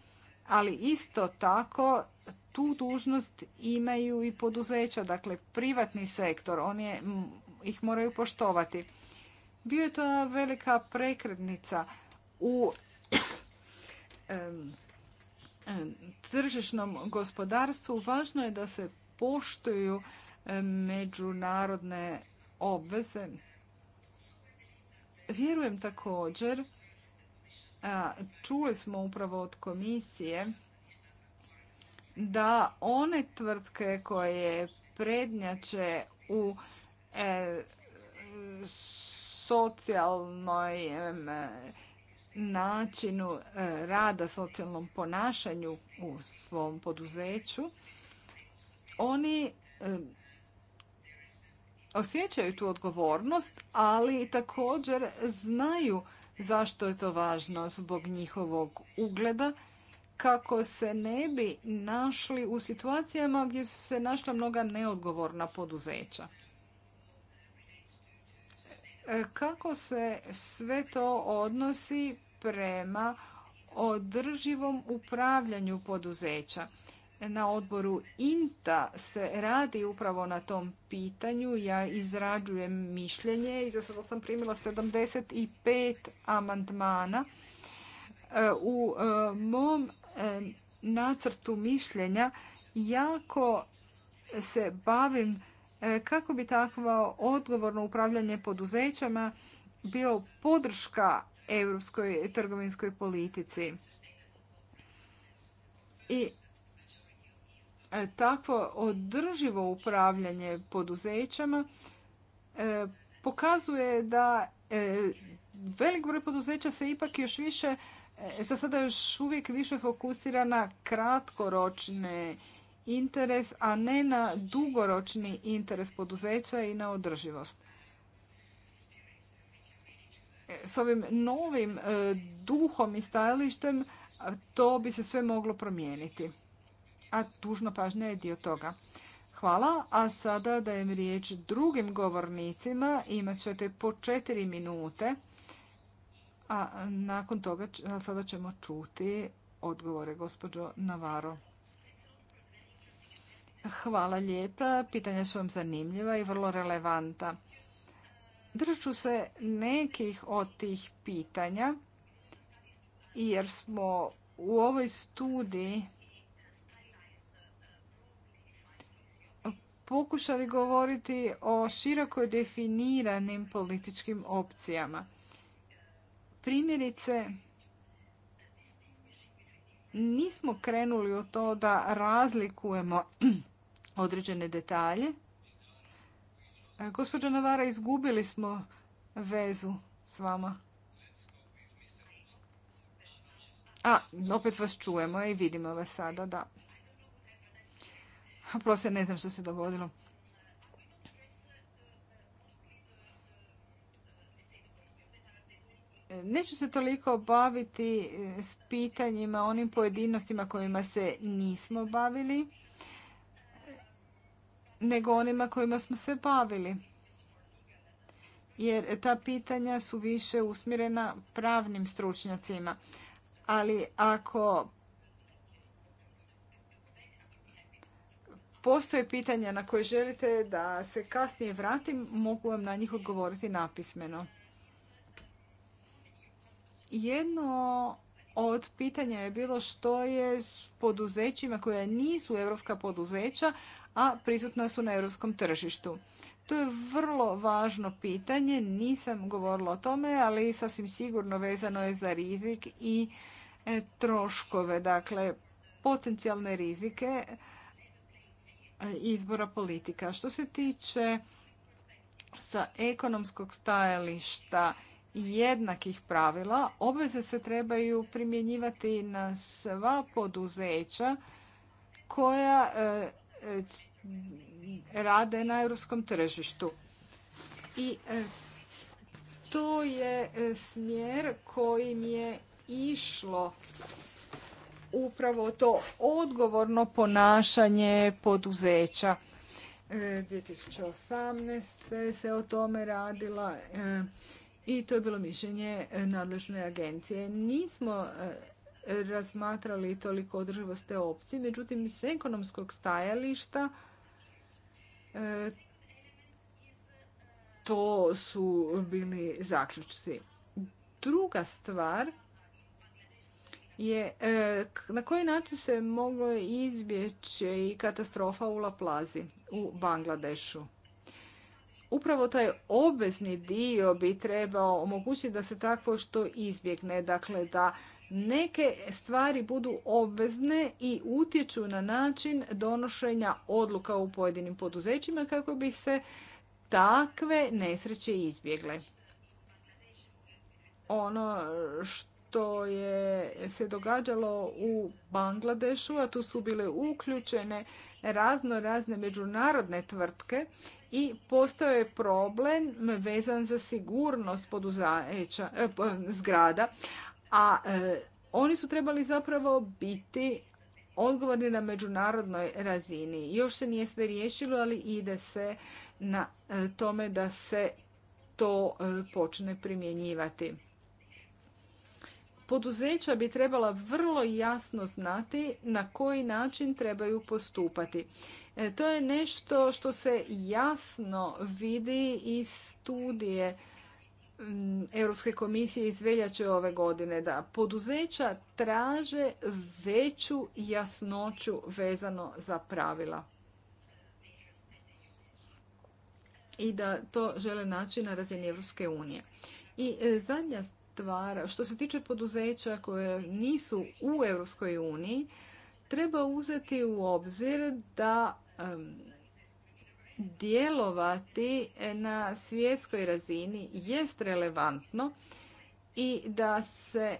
ali isto tako tu dužnost imaju i poduzeća, dakle privatni sektor, oni je, ih moraju poštovati. Bio je to velika prekretnica u tržišnom gospodarstvu. Važno je da se poštuju međunarodne obveze. Vjerujem također Čuli smo upravo od komisije da one tvrtke koje prednjače u e, socijalnoj načinu e, rada, socijalnom ponašanju u svom poduzeću, oni e, osjećaju tu odgovornost, ali također znaju Zašto je to važno? Zbog njihovog ugleda kako se ne bi našli u situacijama gdje su se našla mnoga neodgovorna poduzeća. E, kako se sve to odnosi prema održivom upravljanju poduzeća? na odboru INTA se radi upravo na tom pitanju. Ja izrađujem mišljenje i za sada sam primila 75 amandmana. E, u e, mom e, nacrtu mišljenja jako se bavim kako bi takvo odgovorno upravljanje poduzećama bio podrška europskoj trgovinskoj politici. I E, takvo održivo upravljanje poduzećama e, pokazuje da e, velik broj poduzeća se ipak još više za sada još uvijek više fokusira na kratkoročne interes, a ne na dugoročni interes poduzeća i na održivost. S ovim novim duhom i stajalištem to bi se sve moglo promijeniti a dužna pažnja je dio toga. Hvala, a sada dajem riječ drugim govornicima. Imat ćete po četiri minute, a nakon toga sada ćemo čuti odgovore, gospođo Navaro. Hvala lijepa, pitanja su vam zanimljiva i vrlo relevanta. Držat ću se nekih od tih pitanja, jer smo u ovoj studiji pokušali govoriti o široko definiranim političkim opcijama. Primjerice, nismo krenuli u to da razlikujemo [clears throat] određene detalje. Gospođo Navara, izgubili smo vezu s vama. A, opet vas čujemo i vidimo vas sada, da. [laughs] Proste ne znam što se dogodilo. Neću se toliko baviti eh, s pitanjima, onim pojedinostima kojima se nismo bavili, nego onima kojima smo se bavili. Jer ta pitanja su više usmjerena pravnim stručnjacima. Ali ako postoje pitanja na koje želite da se kasnije vratim, mogu vam na njih odgovoriti napismeno. Jedno od pitanja je bilo što je s poduzećima koja nisu europska poduzeća, a prisutna su na europskom tržištu. To je vrlo važno pitanje, nisam govorila o tome, ali sasvim sigurno vezano je za rizik i e, troškove, dakle potencijalne rizike E, izbora politika. Što se tiče sa ekonomskog stajališta jednakih pravila, obveze se trebaju primjenjivati na sva poduzeća koja e, e, rade na europskom tržištu. I to je smjer kojim je išlo upravo to odgovorno ponašanje poduzeća. 2018. E, se o tome radila e, i to je bilo mišljenje e, nadležne agencije. Nismo razmatrali toliko održivost te opcije, međutim s ekonomskog stajališta to su bili zaključci. Druga stvar je e, na koji način se moglo izbjeći katastrofa u Laplazi u Bangladešu. Upravo taj obvezni dio bi trebao omogućiti da se takvo što izbjegne. Dakle, da neke stvari budu obvezne i utječu na način donošenja odluka u pojedinim poduzećima kako bi se takve nesreće izbjegle. Ono što to je se događalo u Bangladešu, a tu su bile uključene razno razne međunarodne tvrtke i postao je problem vezan za sigurnost poduzeća e, zgrada, a e, oni su trebali zapravo biti odgovorni na međunarodnoj razini. Još se nije sve riješilo, ali ide se na e, tome da se to počne primjenjivati. Poduzeća bi trebala vrlo jasno znati na koji način trebaju postupati. E, to je nešto što se jasno vidi iz studije Europske komisije iz veljače ove godine da poduzeća traže veću jasnoću vezano za pravila. I da to žele naći na razini Europske unije. I e, zadnja stvara. Što se tiče poduzeća koje nisu u Europskoj uniji, treba uzeti u obzir da djelovati na svjetskoj razini jest relevantno i da se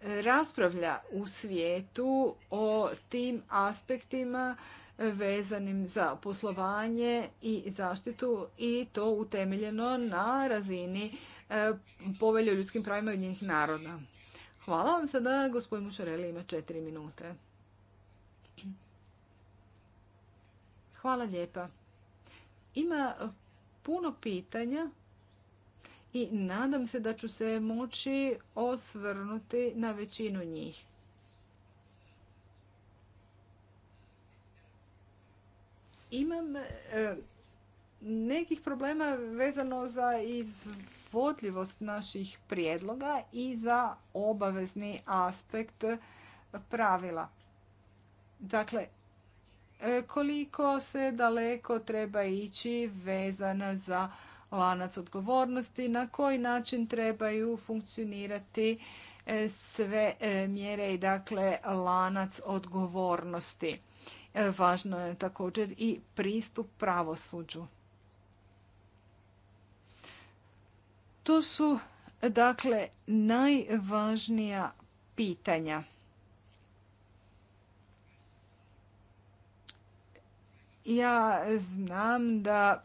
raspravlja u svijetu o tim aspektima vezanim za poslovanje i zaštitu i to utemeljeno na razini e, povelje o ljudskim pravima od njih naroda. Hvala vam sada, gospodin Mušareli ima četiri minute. Hvala lijepa. Ima puno pitanja i nadam se da ću se moći osvrnuti na većinu njih. Imam e, nekih problema vezano za izvodljivost naših prijedloga i za obavezni aspekt pravila. Dakle, e, koliko se daleko treba ići vezana za lanac odgovornosti, na koji način trebaju funkcionirati e, sve mjere i dakle lanac odgovornosti. E, važno je također i pristup pravosuđu. To su dakle najvažnija pitanja. Ja znam da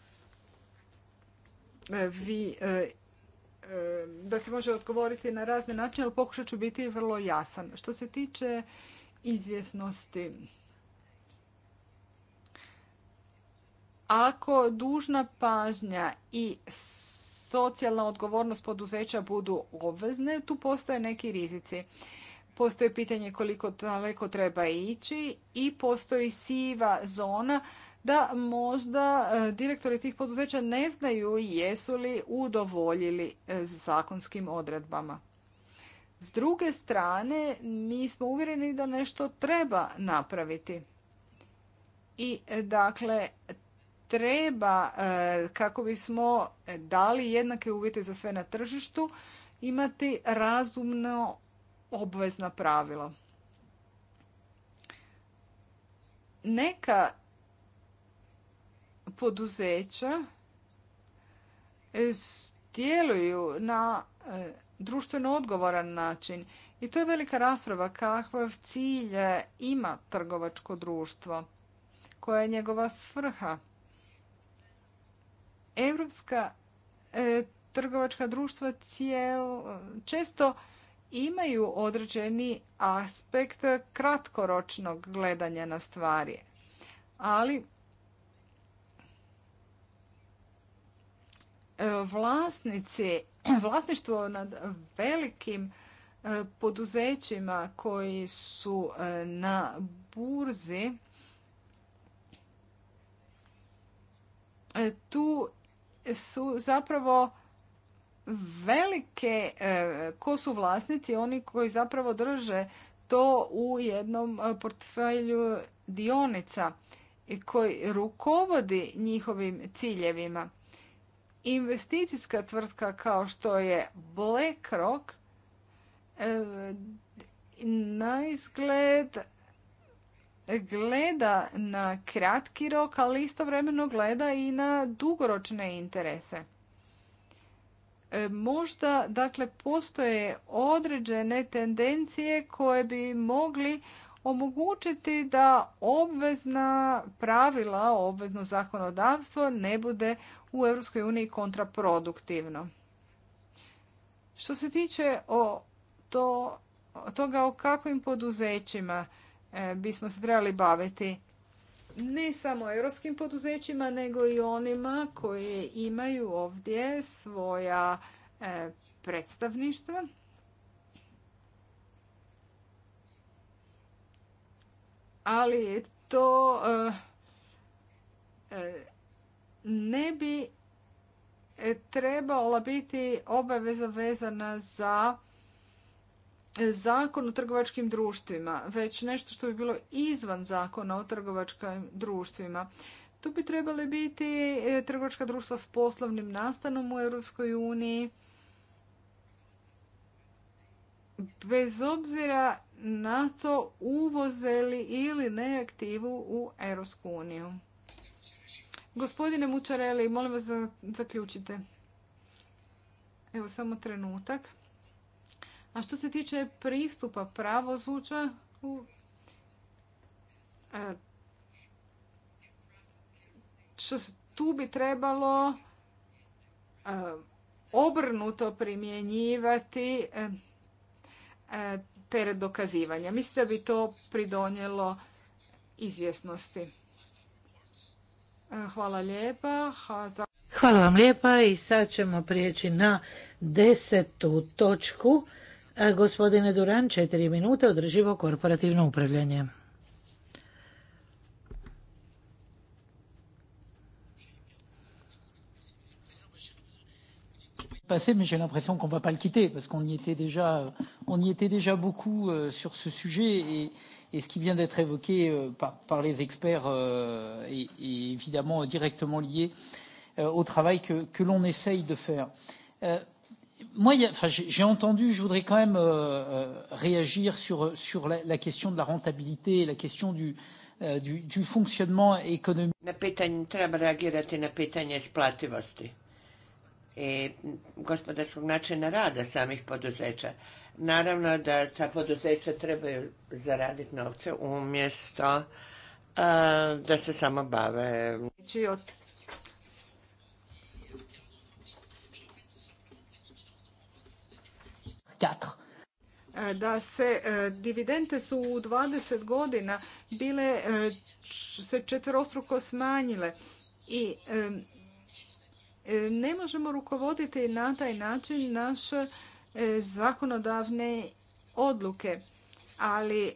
vi e, e, da se može odgovoriti na razne načine, ali pokušat ću biti vrlo jasan. Što se tiče izvjesnosti, Ako dužna pažnja i socijalna odgovornost poduzeća budu obvezne, tu postoje neki rizici. Postoje pitanje koliko daleko treba ići i postoji siva zona da možda e, direktori tih poduzeća ne znaju jesu li udovoljili e, zakonskim odredbama. S druge strane, mi smo uvjereni da nešto treba napraviti. I e, dakle, treba e, kako bismo dali jednake uvjete za sve na tržištu imati razumno obvezna pravila. Neka poduzeća e, djeluju na e, društveno odgovoran način i to je velika rasprava kakav cilj ima trgovačko društvo, koja je njegova svrha. Europska e, trgovačka društva često imaju određeni aspekt kratkoročnog gledanja na stvari. Ali e, vlasnici, [clears throat] vlasništvo nad velikim e, poduzećima koji su na burzi tu su zapravo velike, e, ko su vlasnici, oni koji zapravo drže to u jednom e, portfelju dionica i koji rukovodi njihovim ciljevima. Investicijska tvrtka kao što je BlackRock e, na izgled gleda na kratki rok, ali istovremeno gleda i na dugoročne interese. E, možda, dakle, postoje određene tendencije koje bi mogli omogućiti da obvezna pravila, obvezno zakonodavstvo ne bude u EU kontraproduktivno. Što se tiče o to, toga o kakvim poduzećima E, bismo se trebali baviti ne samo europskim poduzećima, nego i onima koje imaju ovdje svoja e, predstavništva. Ali to e, ne bi trebala biti obaveza vezana za zakon o trgovačkim društvima, već nešto što bi bilo izvan zakona o trgovačkim društvima. Tu bi trebali biti e, trgovačka društva s poslovnim nastanom u Europskoj uniji. Bez obzira na to uvoze li ili neaktivu u EU. Gospodine Mučareli, molim vas da zaključite. Evo samo trenutak. A što se tiče pristupa pravosuđa u e, tu bi trebalo e, obrnuto primjenjivati e, teret dokazivanja. Mislim da bi to pridonjelo izvjesnosti. Hvala lijepa. Hvala vam lijepa i sad ćemo prijeći na desetu točku. Gospodine Duran, četiri minute održivo korporativno upravljanje. passé, mais j'ai l'impression qu'on ne va pas le quitter, parce qu'on y, était déjà, on y était déjà beaucoup euh, sur ce sujet, et, et ce qui vient d'être évoqué euh, par, par les experts euh, est, est évidemment directement lié euh, au travail que, que l'on essaye de faire moi, j'ai entendu, je voudrais quand même euh, euh réagir sur, euh, sur la, la question de la rentabilité, la question du, euh, du, du fonctionnement Na pitanje, treba reagirati na pitanje isplativosti i gospodarskog načina rada samih poduzeća. Naravno da ta poduzeća trebaju zaraditi novce umjesto da se samo bave. 4 e, da se e, dividende su u 20 godina bile e, se četvrostruko smanjile i ne možemo rukovoditi na taj način naše zakonodavne odluke. Ali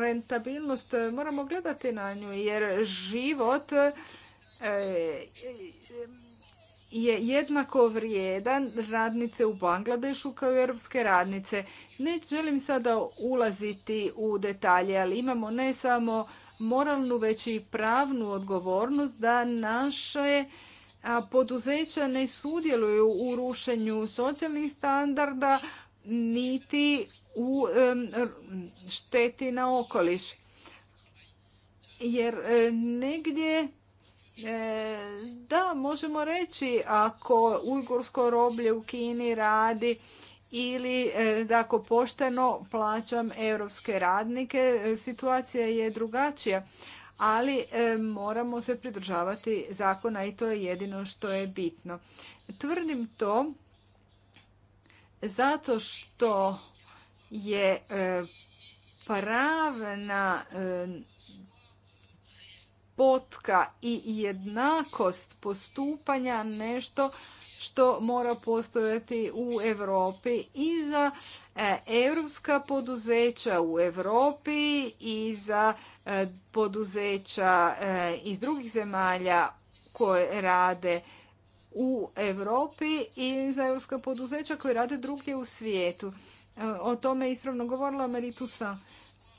rentabilnost moramo gledati na nju jer život je jednako vrijedan radnice u Bangladešu kao i europske radnice. Ne želim sada ulaziti u detalje, ali imamo ne samo moralnu, već i pravnu odgovornost da naše poduzeća ne sudjeluju u rušenju socijalnih standarda niti u šteti na okoliš. Jer e, negdje E, da možemo reći ako ujgursko roblje u Kini radi ili e, da ako pošteno plaćam europske radnike, e, situacija je drugačija. Ali moramo se pridržavati zakona i to je jedino što je bitno. Tvrdim to zato što je pravna potka i jednakost postupanja nešto što mora postojati u Europi i za europska poduzeća u Europi i za e, poduzeća e, iz drugih zemalja koje rade u Europi i za europska poduzeća koje rade drugdje u svijetu. E, o tome je ispravno govorila Meritusa.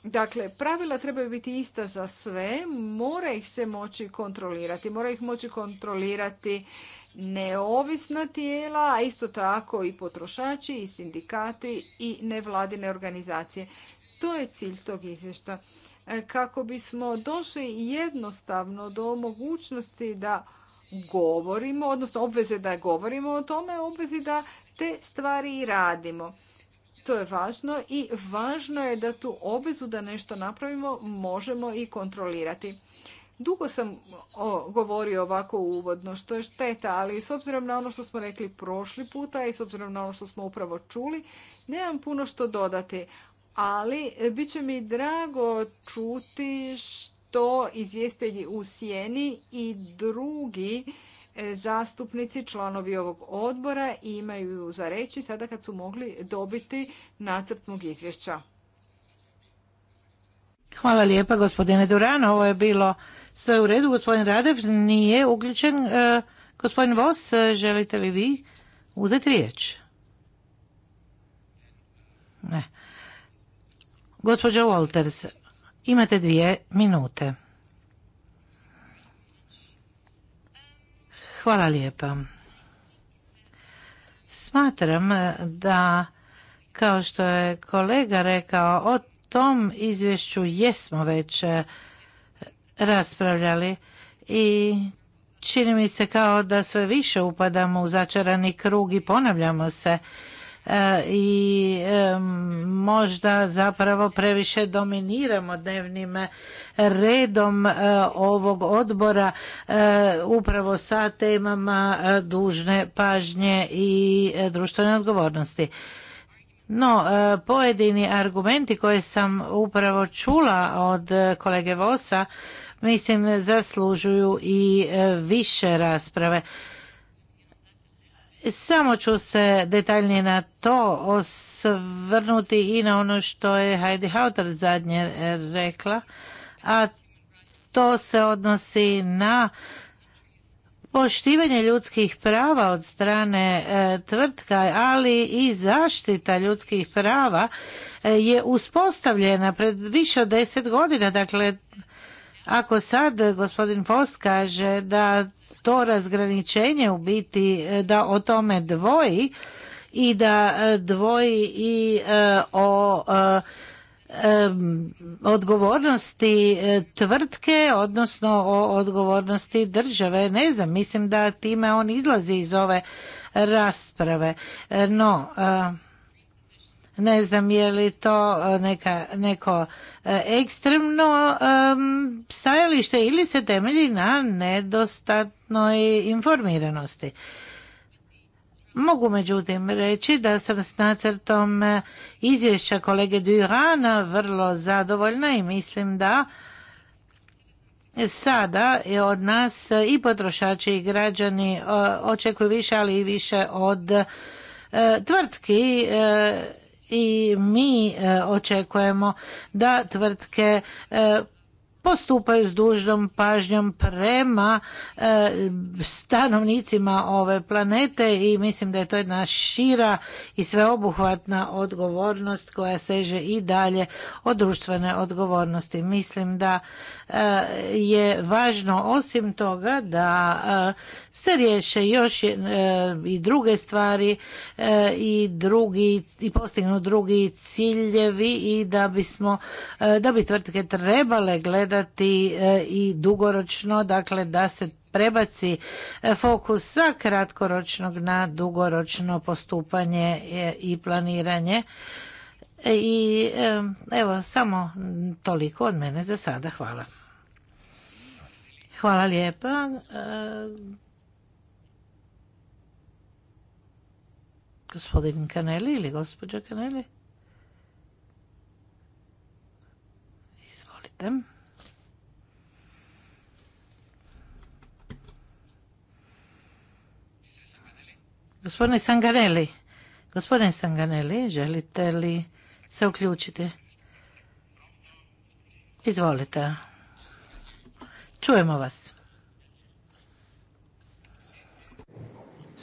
Dakle, pravila trebaju biti ista za sve, mora ih se moći kontrolirati, mora ih moći kontrolirati neovisna tijela, a isto tako i potrošači, i sindikati, i nevladine organizacije. To je cilj tog izvješta. E, kako bismo došli jednostavno do mogućnosti da govorimo, odnosno obveze da govorimo o tome, obveze da te stvari i radimo to je važno i važno je da tu obvezu da nešto napravimo možemo i kontrolirati. Dugo sam govorio ovako uvodno, što je šteta, ali s obzirom na ono što smo rekli prošli puta i s obzirom na ono što smo upravo čuli, nemam puno što dodati, ali bit će mi drago čuti što izvjestelji u sjeni i drugi E, zastupnici, članovi ovog odbora imaju za reći sada kad su mogli dobiti nacrt mog izvješća. Hvala lijepa gospodine Durano ovo je bilo sve u redu. Gospodin Radev nije uključen. E, gospodin Vos, e, želite li vi uzeti riječ? Ne. Gospođo Walters, imate dvije minute. Hvala lijepa. Smatram da, kao što je kolega rekao, o tom izvješću jesmo već e, raspravljali i čini mi se kao da sve više upadamo u začarani krug i ponavljamo se E, i možda zapravo previše dominiramo dnevnim redom e, ovog odbora e, upravo sa temama dužne pažnje i društvene odgovornosti. No, pojedini argumenti koje sam upravo čula od kolege Vosa, mislim, zaslužuju i više rasprave. Samo ću se detaljnije na to osvrnuti i na ono što je Heidi Hauter zadnje rekla, a to se odnosi na poštivanje ljudskih prava od strane e, tvrtka, ali i zaštita ljudskih prava e, je uspostavljena pred više od deset godina. Dakle, ako sad gospodin Post kaže da to razgraničenje u biti e, da o tome dvoji i da e, dvoji i e, o odgovornosti tvrtke, odnosno o odgovornosti države. Ne znam, mislim da time on izlazi iz ove rasprave. No, ne znam je li to e, neka, neko e, ekstremno um, stajalište ili se temelji na nedostatnoj informiranosti. Mogu međutim reći da sam s nacrtom e, izvješća kolege Durana vrlo zadovoljna i mislim da sada od nas i potrošači i građani očekuju više, ali i više od tvrtki i mi e, očekujemo da tvrtke e, postupaju s dužnom pažnjom prema e, stanovnicima ove planete i mislim da je to jedna šira i sveobuhvatna odgovornost koja seže i dalje od društvene odgovornosti. Mislim da je važno osim toga da se riješe još e, i druge stvari e, i drugi i postignu drugi ciljevi i da bismo e, da bi tvrtke trebale gledati i dugoročno dakle da se prebaci fokus sa kratkoročnog na dugoročno postupanje i planiranje i evo samo toliko od mene za sada hvala Hvala lijepa. Gospodin Kaneli ili gospođa Kaneli? Izvolite. Gospodine Sanganeli, gospodine Sanganeli, želite li se uključiti? Izvolite. Čujemo vas.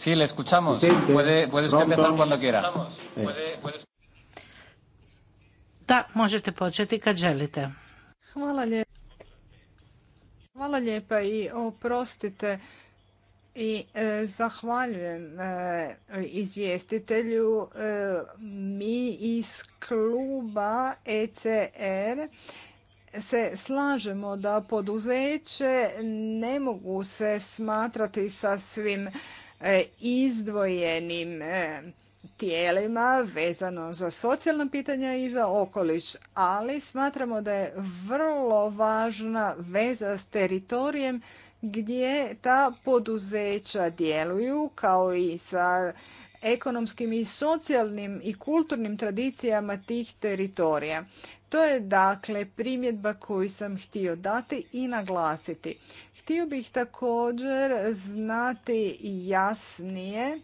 Sí, le escuchamos. Puede, puede usted empezar cuando quiera. Da, možete početi kad želite. Hvala lijepa. i oprostite i e, zahvaljujem e, izvjestitelju. E, mi iz kluba ECR se slažemo da poduzeće ne mogu se smatrati sa svim E, izdvojenim e, tijelima vezano za socijalna pitanja i za okoliš, ali smatramo da je vrlo važna veza s teritorijem gdje ta poduzeća djeluju kao i sa ekonomskim i socijalnim i kulturnim tradicijama tih teritorija. To je dakle primjedba koju sam htio dati i naglasiti. Htio bih također znati jasnije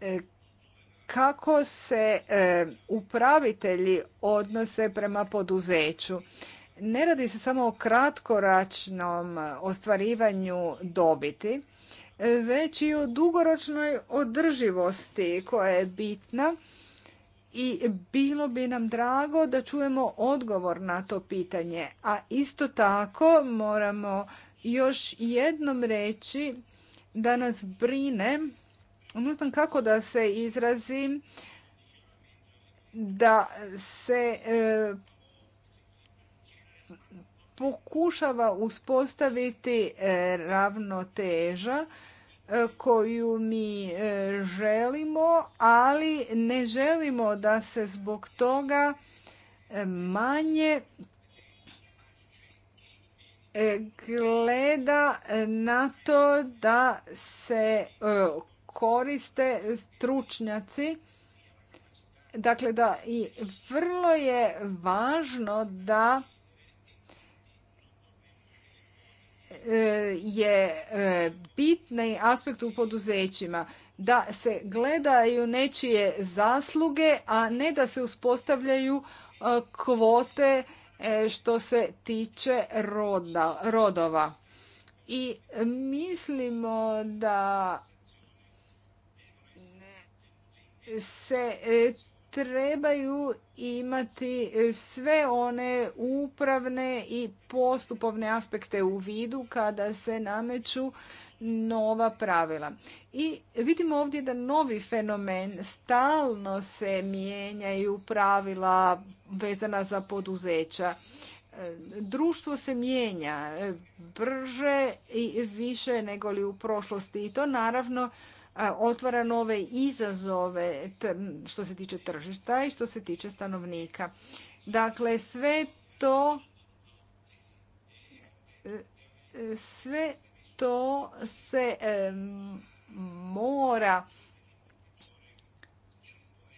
e, kako se e, upravitelji odnose prema poduzeću. Ne radi se samo o kratkoračnom ostvarivanju dobiti, e, već i o dugoročnoj održivosti koja je bitna i bilo bi nam drago da čujemo odgovor na to pitanje. A isto tako moramo još jednom reći da nas brine, ne znam kako da se izrazim, da se e, pokušava uspostaviti e, ravnoteža E, koju mi e, želimo, ali ne želimo da se zbog toga e, manje gleda na to da se koriste stručnjaci. Dakle, da i vrlo je važno da je e, bitni aspekt u poduzećima da se gledaju nečije zasluge, a ne da se uspostavljaju e, kvote e, što se tiče roda, rodova. I mislimo da se trebaju imati sve one upravne i postupovne aspekte u vidu kada se nameću nova pravila. I vidimo ovdje da novi fenomen stalno se mijenjaju pravila vezana za poduzeća. Društvo se mijenja e, brže i više nego li u prošlosti i to naravno otvara nove izazove što se tiče tržišta i što se tiče stanovnika. Dakle, sve to sve to se mora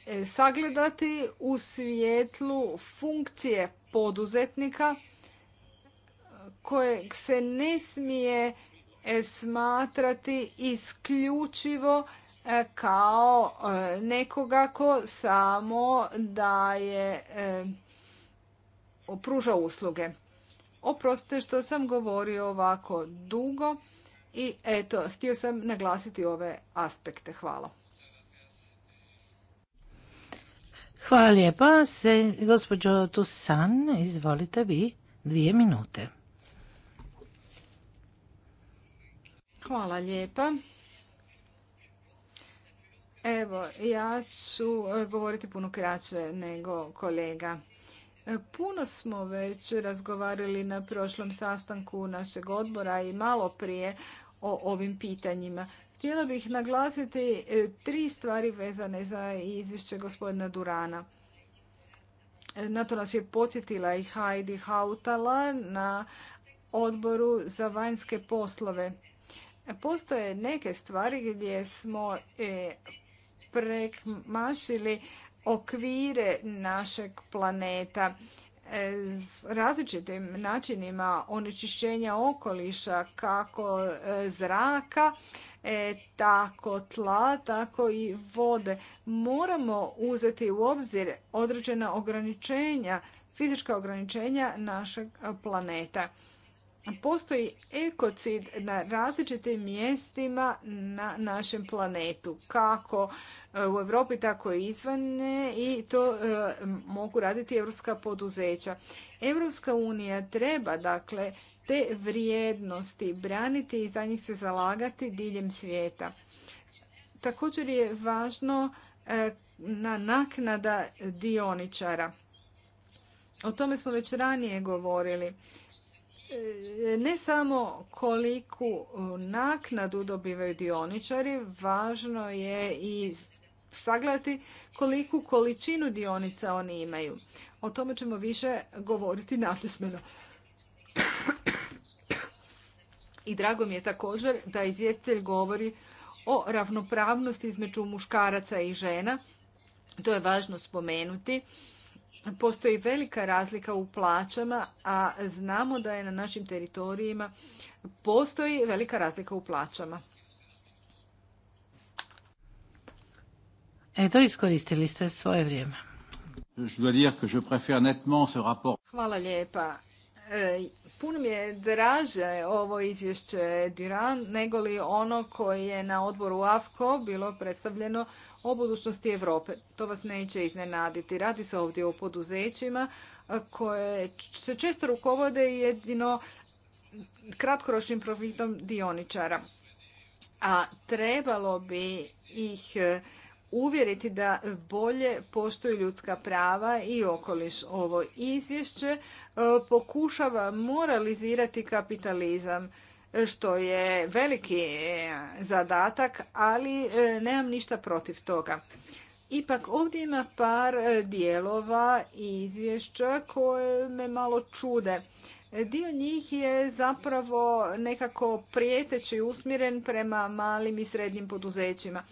e, sagledati u svijetlu funkcije poduzetnika kojeg se ne smije E, smatrati isključivo e, kao e, nekoga ko samo je pruža usluge. Oprostite što sam govorio ovako dugo i eto, htio sam naglasiti ove aspekte. Hvala. Hvala lijepa. Se, gospođo Tusan, izvolite vi dvije minute. Hvala lijepa. Evo, ja ću e, govoriti puno kraće nego kolega. E, puno smo već razgovarali na prošlom sastanku našeg odbora i malo prije o ovim pitanjima. Htjela bih naglasiti e, tri stvari vezane za izvješće gospodina Durana. Na to nas je podsjetila i Heidi Hautala na odboru za vanjske poslove. Postoje neke stvari gdje smo e, prekmašili okvire našeg planeta e, s različitim načinima onečišćenja okoliša kako e, zraka, tako tla, tako i vode. Moramo uzeti u obzir određena ograničenja, fizička ograničenja našeg planeta. Postoji ekocid na različitim mjestima na našem planetu, kako e, u Europi, tako i izvan i to e, mogu raditi europska poduzeća. Europska unija treba dakle te vrijednosti braniti i za njih se zalagati diljem svijeta. Također je važno e, na naknada dioničara. O tome smo već ranije govorili ne samo koliku naknadu dobivaju dioničari, važno je i sagledati koliku količinu dionica oni imaju. O tome ćemo više govoriti napismeno. I drago mi je također da izvjestitelj govori o ravnopravnosti između muškaraca i žena. To je važno spomenuti postoji velika razlika u plaćama, a znamo da je na našim teritorijima postoji velika razlika u plaćama. Eto, iskoristili ste svoje vrijeme. Hvala lijepa. E, puno mi je draže ovo izvješće Duran nego li ono koje je na odboru AFKO bilo predstavljeno o budućnosti Europe. To vas neće iznenaditi. Radi se ovdje o poduzećima koje se često rukovode jedino kratkoročnim profitom dioničara. A trebalo bi ih e, uvjeriti da bolje postoji ljudska prava i okoliš. Ovo izvješće e, pokušava moralizirati kapitalizam što je veliki e, zadatak, ali e, nemam ništa protiv toga. Ipak ovdje ima par e, dijelova i izvješća koje me malo čude. Dio njih je zapravo nekako prijeteći usmjeren prema malim i srednjim poduzećima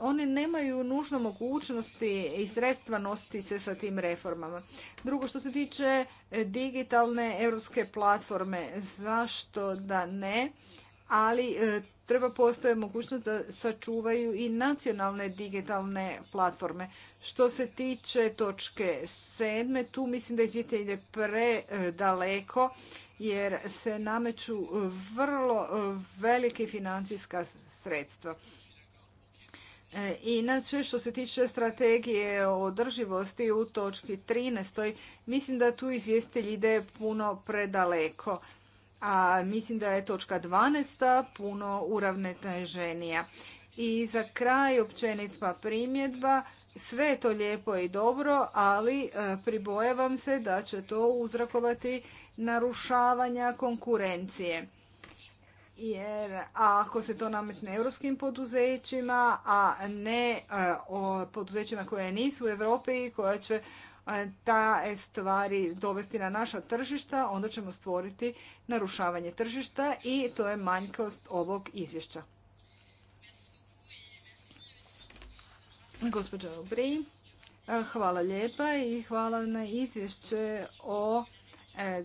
one nemaju nužno mogućnosti i sredstva nositi se sa tim reformama. Drugo, što se tiče e, digitalne europske platforme, zašto da ne, ali e, treba postoje mogućnost da sačuvaju i nacionalne digitalne platforme. Što se tiče točke sedme, tu mislim da izvjestitelj ide predaleko jer se nameću vrlo e, velike financijska sredstva. E, inače, što se tiče strategije održivosti u točki 13. mislim da tu izvjestitelj ide puno predaleko. A mislim da je točka 12. puno uravneteženija. I za kraj općenitva primjedba, sve je to lijepo i dobro, ali e, pribojavam se da će to uzrakovati narušavanja konkurencije jer ako se to nametne europskim poduzećima, a ne e, o poduzećima koje nisu u Europi i koja će e, ta stvari dovesti na naša tržišta, onda ćemo stvoriti narušavanje tržišta i to je manjkost ovog izvješća. Gospođa Obri, e, hvala lijepa i hvala na izvješće o E,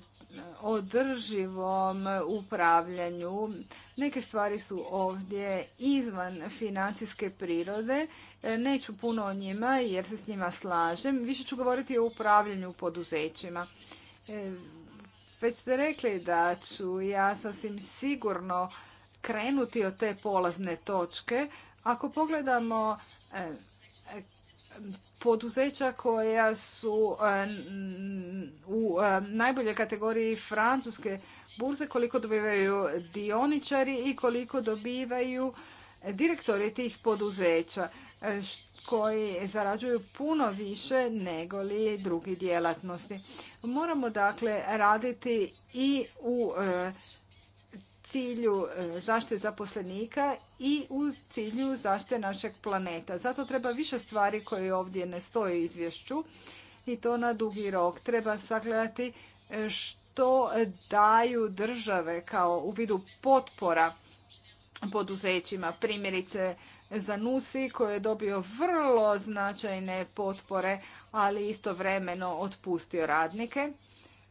održivom upravljanju. Neke stvari su ovdje izvan financijske prirode. E, neću puno o njima jer se s njima slažem. Više ću govoriti o upravljanju poduzećima. E, već ste rekli da ću ja sasvim sigurno krenuti od te polazne točke. Ako pogledamo poduzeća koja su e, u e, najboljoj kategoriji francuske burze, koliko dobivaju dioničari i koliko dobivaju direktori tih poduzeća e, koji zarađuju puno više nego li drugi djelatnosti. Moramo dakle raditi i u cilju e, zaštite zaposlenika i u cilju zaštite našeg planeta. Zato treba više stvari koje ovdje ne stoje u izvješću i to na dugi rok. Treba sagledati e, što daju države kao u vidu potpora poduzećima. Primjerice za Nusi koji je dobio vrlo značajne potpore, ali istovremeno otpustio radnike.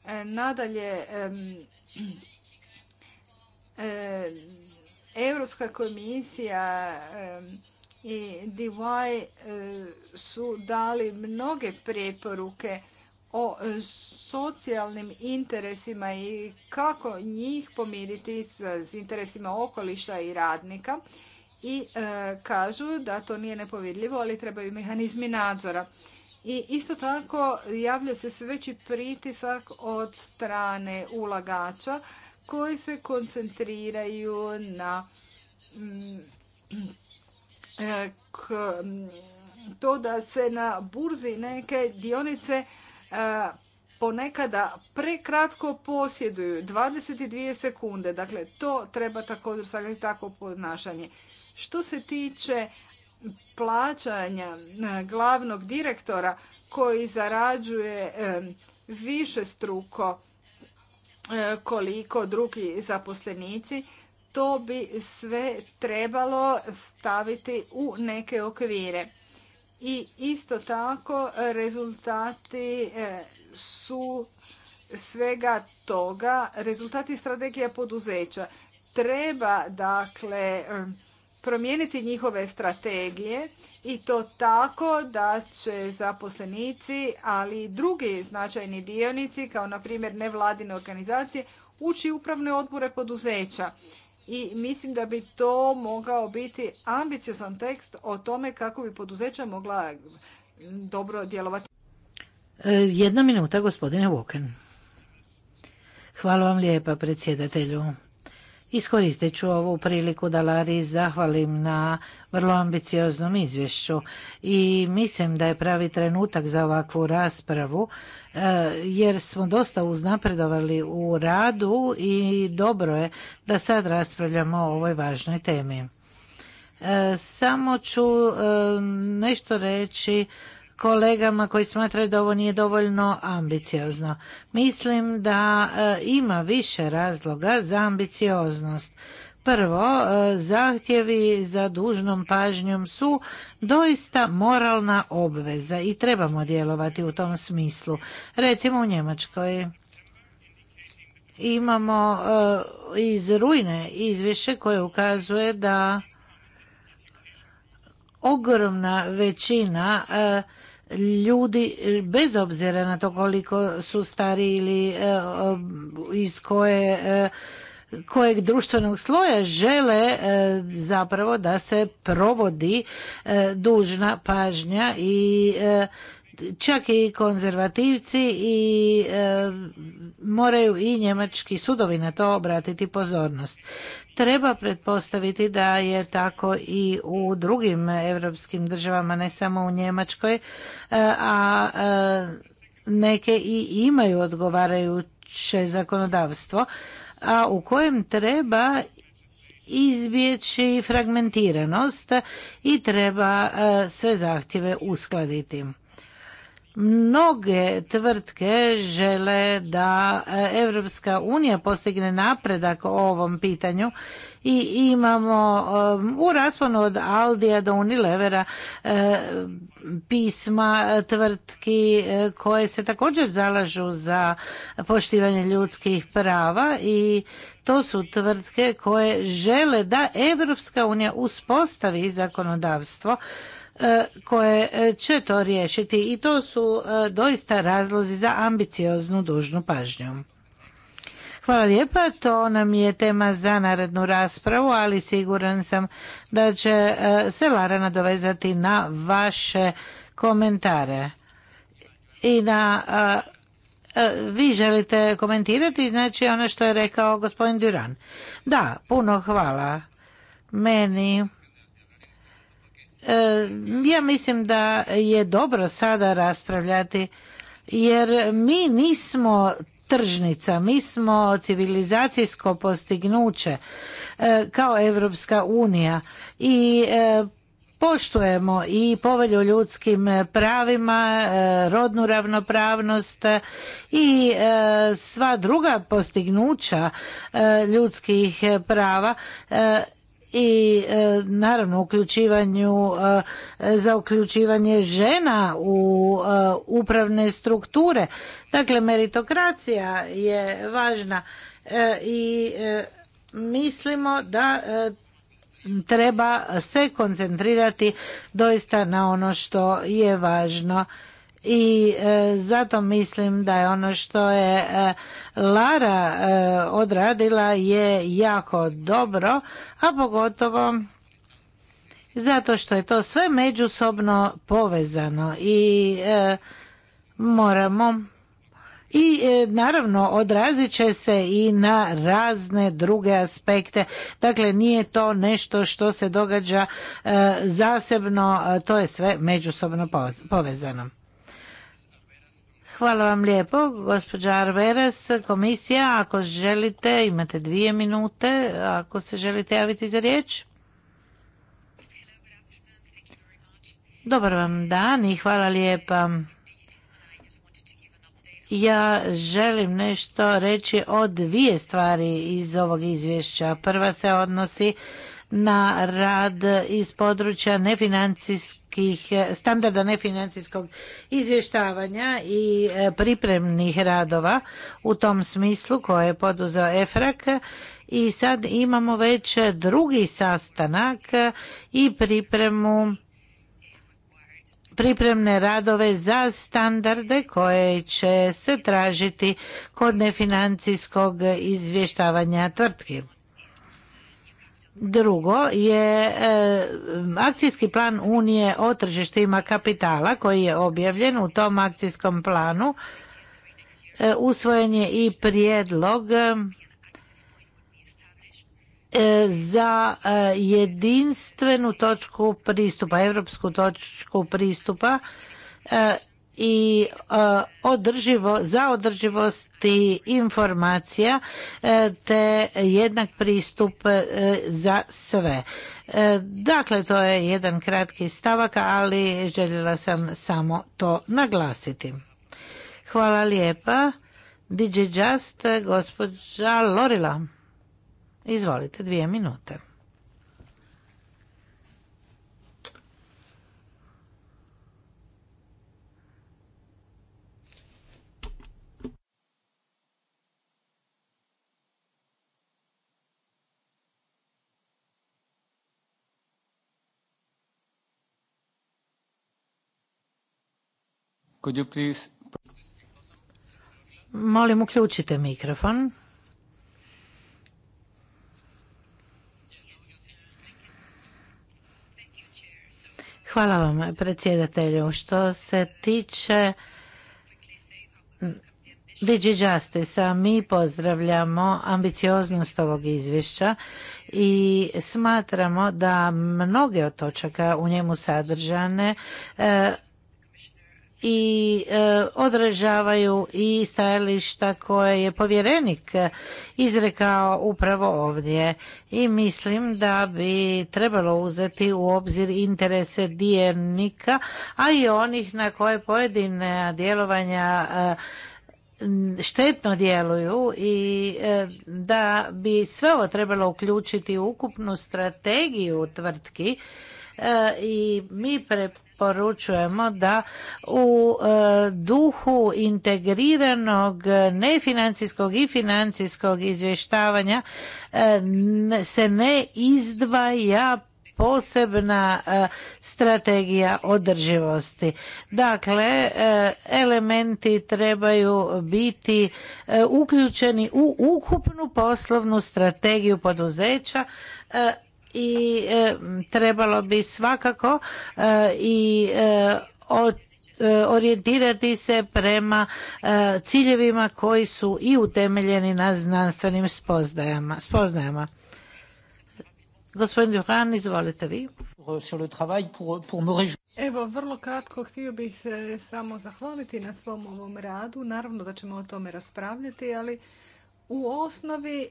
E, nadalje, E, Europska komisija e, i DIY e, su dali mnoge preporuke o socijalnim interesima i kako njih pomiriti s interesima okoliša i radnika i kažu da to nije nepovidljivo, ali trebaju mehanizmi nadzora. I isto tako javlja se sve veći pritisak od strane ulagača koji se koncentriraju na mm, e, mm, to da se na burzi neke dionice e, ponekada prekratko posjeduju 22 sekunde. Dakle, to treba također sagledati tako ponašanje. Što se tiče plaćanja e, glavnog direktora koji zarađuje više struko E, koliko drugi zaposlenici, to bi sve trebalo staviti u neke okvire. I isto tako rezultati e, su svega toga, rezultati strategija poduzeća. Treba dakle promijeniti njihove strategije i to tako da će zaposlenici, ali i drugi značajni dionici, kao na primjer nevladine organizacije, ući upravne odbore poduzeća. I mislim da bi to mogao biti ambiciozan tekst o tome kako bi poduzeća mogla dobro djelovati. E, jedna minuta, gospodine Woken. Hvala vam lijepa, predsjedatelju. Iskoristit ću ovu priliku da Lari zahvalim na vrlo ambicioznom izvješću i mislim da je pravi trenutak za ovakvu raspravu e, jer smo dosta uznapredovali u radu i dobro je da sad raspravljamo o ovoj važnoj temi. E, samo ću e, nešto reći kolegama koji smatraju da ovo nije dovoljno ambiciozno. Mislim da e, ima više razloga za ambicioznost. Prvo, e, zahtjevi za dužnom pažnjom su doista moralna obveza i trebamo djelovati u tom smislu. Recimo u Njemačkoj imamo e, iz rujne izvješće koje ukazuje da ogromna većina ljudi bez obzira na to koliko su stari ili e, iz koje e, kojeg društvenog sloja žele e, zapravo da se provodi dužna pažnja i čak i konzervativci i e, moraju i njemački sudovi na to obratiti pozornost. Treba pretpostaviti da je tako i u drugim europskim državama, ne samo u Njemačkoj, e, a e, neke i imaju odgovarajuće zakonodavstvo, a u kojem treba izbjeći fragmentiranost i treba sve zahtjeve uskladiti. Mnoge tvrtke žele da Europska unija postigne napredak o ovom pitanju i imamo um, u rasponu od Aldija do Unilevera e, pisma tvrtki e, koje se također zalažu za poštivanje ljudskih prava i to su tvrtke koje žele da Europska unija uspostavi zakonodavstvo E, koje e, će to riješiti i to su e, doista razlozi za ambicioznu dužnu pažnju. Hvala lijepa, to nam je tema za narednu raspravu, ali siguran sam da će se Lara nadovezati na vaše komentare. I na vi želite komentirati, znači ono što je rekao gospodin Duran. Da, puno hvala. Meni E, ja mislim da je dobro sada raspravljati jer mi nismo tržnica, mi smo civilizacijsko postignuće e, kao Europska unija i e, poštujemo i povelju ljudskim pravima, rodnu ravnopravnost i sva druga postignuća ljudskih prava i e, naravno uključivanju e, za uključivanje žena u e, upravne strukture. Dakle, meritokracija je važna i mislimo da treba se koncentrirati doista na ono što je važno i e, zato mislim da je ono što je e, Lara e, odradila je jako dobro, a pogotovo zato što je to sve međusobno povezano i moramo i naravno odrazit će se i na razne druge aspekte. Dakle, nije to nešto što se događa zasebno, to je sve međusobno povezano. Hvala vam lijepo, gospođa Arveres. komisija, ako želite, imate dvije minute, ako se želite javiti za riječ. Dobar vam dan i hvala lijepa. Ja želim nešto reći o dvije stvari iz ovog izvješća. Prva se odnosi na rad iz područja nefinancijskih standarda nefinancijskog izvještavanja i e, pripremnih radova u tom smislu koje je poduzeo EFRAK i sad imamo već drugi sastanak i pripremu pripremne radove za standarde koje će se tražiti kod nefinancijskog izvještavanja tvrtki. Drugo je e, akcijski plan Unije o tržištima kapitala koji je objavljen u tom akcijskom planu. E, usvojen je i prijedlog e, za jedinstvenu točku pristupa, europsku točku pristupa i e, održivo, za održivosti informacija e, te jednak pristup e, za sve. Dakle, to je jedan kratki stavak, ali željela sam samo to naglasiti. Hvala lijepa. DJ Just, gospođa Lorila. Izvolite, dvije minute. Could Molim, uključite mikrofon. Hvala vam, predsjedatelju. Što se tiče Digi Justice, mi pozdravljamo ambicioznost ovog izvješća i smatramo da mnoge od točaka u njemu sadržane e, i e, odražavaju i stajališta koje je povjerenik e, izrekao upravo ovdje i mislim da bi trebalo uzeti u obzir interese dionika a i onih na koje pojedine djelovanja e, štetno djeluju i e, da bi sve ovo trebalo uključiti u ukupnu strategiju tvrtki i mi pre poručujemo da u e, duhu integriranog nefinancijskog i financijskog izvještavanja e, se ne izdvaja posebna e, strategija održivosti. Dakle, elementi trebaju biti uključeni u ukupnu poslovnu strategiju poduzeća i e, trebalo bi svakako e, i e, orijentirati se prema ciljevima koji su i utemeljeni na znanstvenim spoznajama. spoznajama. Gospodin Duhan, izvolite vi. Evo, vrlo kratko htio bih se samo zahvaliti na svom ovom radu. Naravno da ćemo o tome raspravljati, ali u osnovi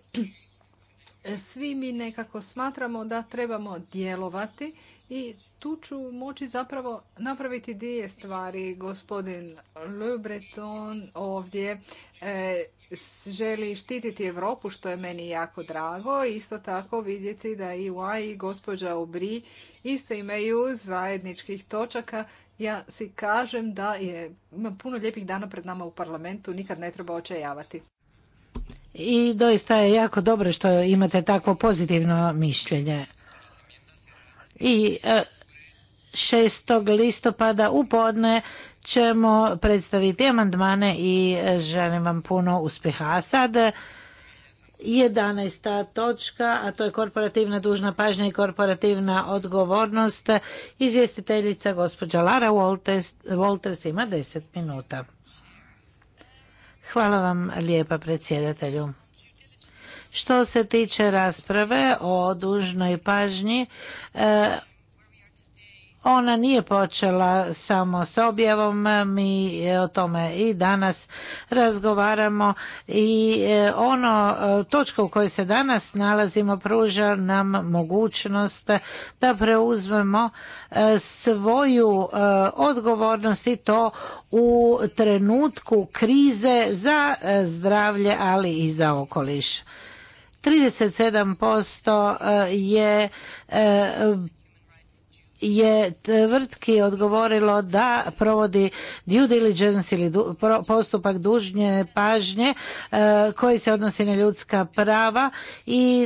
svi mi nekako smatramo da trebamo djelovati i tu ću moći zapravo napraviti dvije stvari. Gospodin Le Breton ovdje e, želi štititi Europu što je meni jako drago. Isto tako vidjeti da i i gospođa Obri isto imaju zajedničkih točaka. Ja si kažem da je, puno lijepih dana pred nama u parlamentu, nikad ne treba očajavati i doista je jako dobro što imate takvo pozitivno mišljenje. I 6. E, listopada u podne ćemo predstaviti amandmane i e, želim vam puno uspjeha. A sad 11. E, točka, a to je korporativna dužna pažnja i korporativna odgovornost. Izvjestiteljica gospođa Lara Wolters ima 10 minuta. Hvala vam lijepa predsjedatelju. Što se tiče rasprave o dužnoj pažnji, e, ona nije počela samo s objavom, mi o tome i danas razgovaramo i e, ono e, točka u kojoj se danas nalazimo pruža nam mogućnost da preuzmemo e, svoju odgovornost i to u trenutku krize za zdravlje, ali i za okoliš. 37% je je tvrtki odgovorilo da provodi due diligence ili postupak dužnje pažnje e, koji se odnosi na ljudska prava i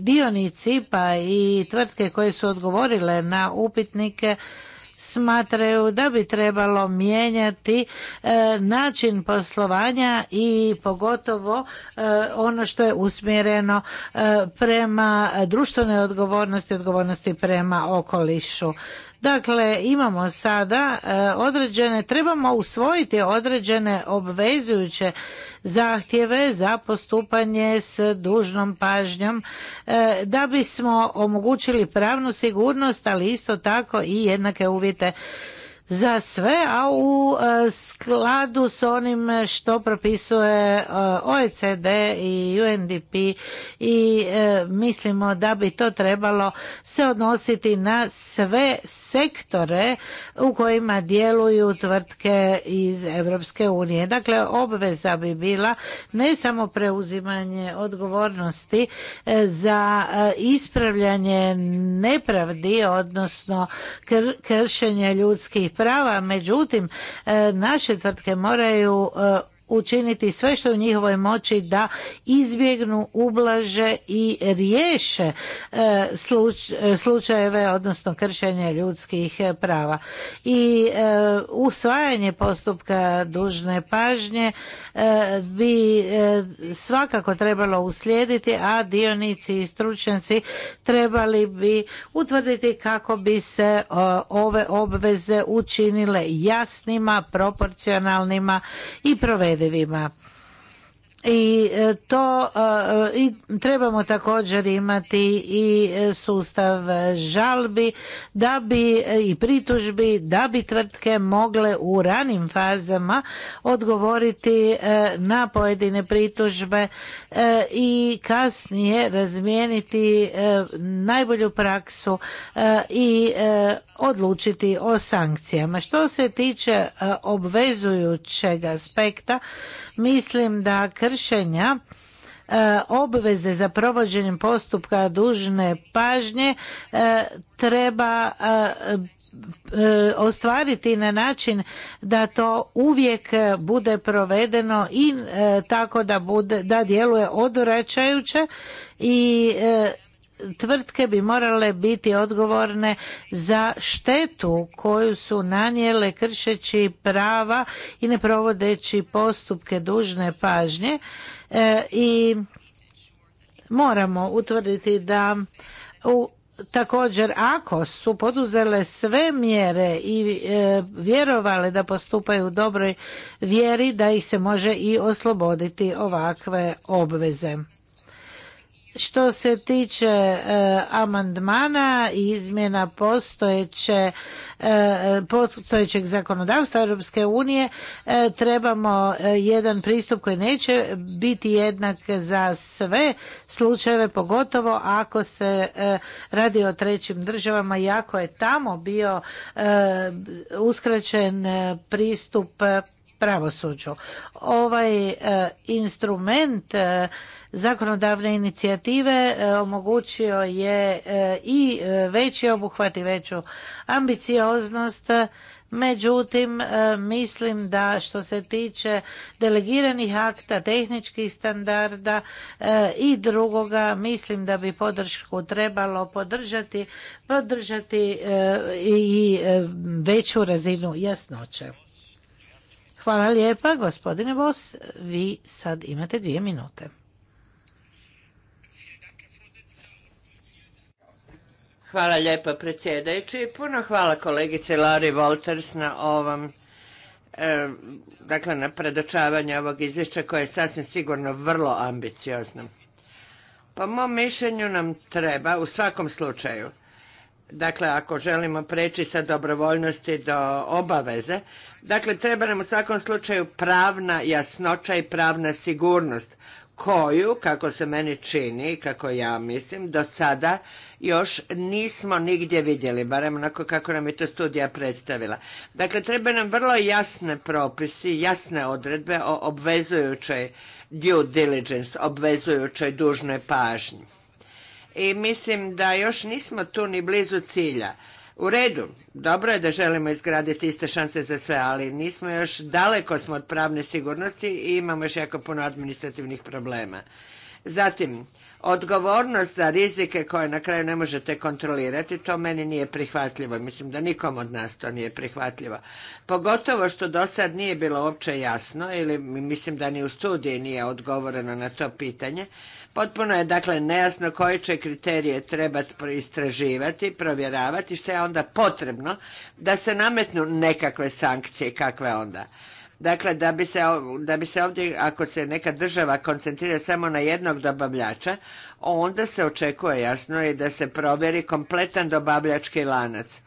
dionici pa i tvrtke koje su odgovorile na upitnike smatraju da bi trebalo mijenjati e, način poslovanja i pogotovo e, ono što je usmjereno e, prema društvenoj odgovornosti, odgovornosti prema okolišu. Dakle, imamo sada e, određene, trebamo usvojiti određene obvezujuće zahtjeve za postupanje s dužnom pažnjom e, da bismo omogućili pravnu sigurnost, ali isto tako i jednake uvjete za sve, a u e, skladu s onim što propisuje OECD i UNDP i mislimo da bi to trebalo se odnositi na sve sektore u kojima djeluju tvrtke iz Europske unije. Dakle, obveza bi bila ne samo preuzimanje odgovornosti e, za e, ispravljanje nepravdi, odnosno kršenje ljudskih prava, međutim, e, naše tvrtke moraju učiniti sve što je u njihovoj moći da izbjegnu, ublaže i riješe e, e, slučajeve, odnosno kršenje ljudskih prava. I e, usvajanje postupka dužne pažnje bi svakako trebalo uslijediti, a dionici i stručnjaci trebali bi utvrditi kako bi se ove obveze učinile jasnima, proporcionalnima i provedenima gradivima i e, to e, i trebamo također imati i e, sustav žalbi da bi i pritužbi da bi tvrtke mogle u ranim fazama odgovoriti na pojedine pritužbe i kasnije razmijeniti najbolju praksu i odlučiti o sankcijama što se tiče obvezujućeg aspekta mislim da kršenja e, obveze za provođenjem postupka dužne pažnje e, treba e, ostvariti na način da to uvijek bude provedeno i tako da, da djeluje odvraćajuće i tvrtke bi morale biti odgovorne za štetu koju su nanijele kršeći prava i ne provodeći postupke dužne pažnje e, i moramo utvrditi da također ako su poduzele sve mjere i e, vjerovale da postupaju u dobroj vjeri da ih se može i osloboditi ovakve obveze što se tiče e, amandmana i izmjena e, postojećeg zakonodavstva Europske unije, e, trebamo jedan pristup koji neće biti jednak za sve slučajeve, pogotovo ako se radi o trećim državama i ako je tamo bio uskraćen pristup pravosuđu. Ovaj instrument zakonodavne inicijative e, omogućio je e, i e, veći obuhvat i veću ambicioznost Međutim, mislim da što se tiče delegiranih akta, tehničkih standarda i drugoga, mislim da bi podršku trebalo podržati, podržati i veću razinu jasnoće. Hvala lijepa, gospodine bos vi sad imate dvije minute. Hvala lijepo predsjedajući. Puno hvala kolegici Lari Walters na ovom e, dakle na predočavanju ovog izvješća koje je sasvim sigurno vrlo ambiciozno. Po mom mišljenju nam treba u svakom slučaju Dakle, ako želimo preći sa dobrovoljnosti do obaveze, dakle, treba nam u svakom slučaju pravna jasnoća i pravna sigurnost koju, kako se meni čini, kako ja mislim, do sada još nismo nigdje vidjeli, barem onako kako nam je to studija predstavila. Dakle, treba nam vrlo jasne propisi, jasne odredbe o obvezujućoj due diligence, obvezujućoj dužnoj pažnji. I mislim da još nismo tu ni blizu cilja. U redu, dobro je da želimo izgraditi iste šanse za sve, ali nismo još daleko smo od pravne sigurnosti i imamo još jako puno administrativnih problema. Zatim, odgovornost za rizike koje na kraju ne možete kontrolirati, to meni nije prihvatljivo. Mislim da nikom od nas to nije prihvatljivo. Pogotovo što do sad nije bilo uopće jasno ili mislim da ni u studiji nije odgovoreno na to pitanje. Potpuno je dakle nejasno koje će kriterije trebati istraživati, provjeravati, što je onda potrebno da se nametnu nekakve sankcije, kakve onda. Dakle, da bi, se, ovdje, ako se neka država koncentrira samo na jednog dobavljača, onda se očekuje jasno i da se provjeri kompletan dobavljački lanac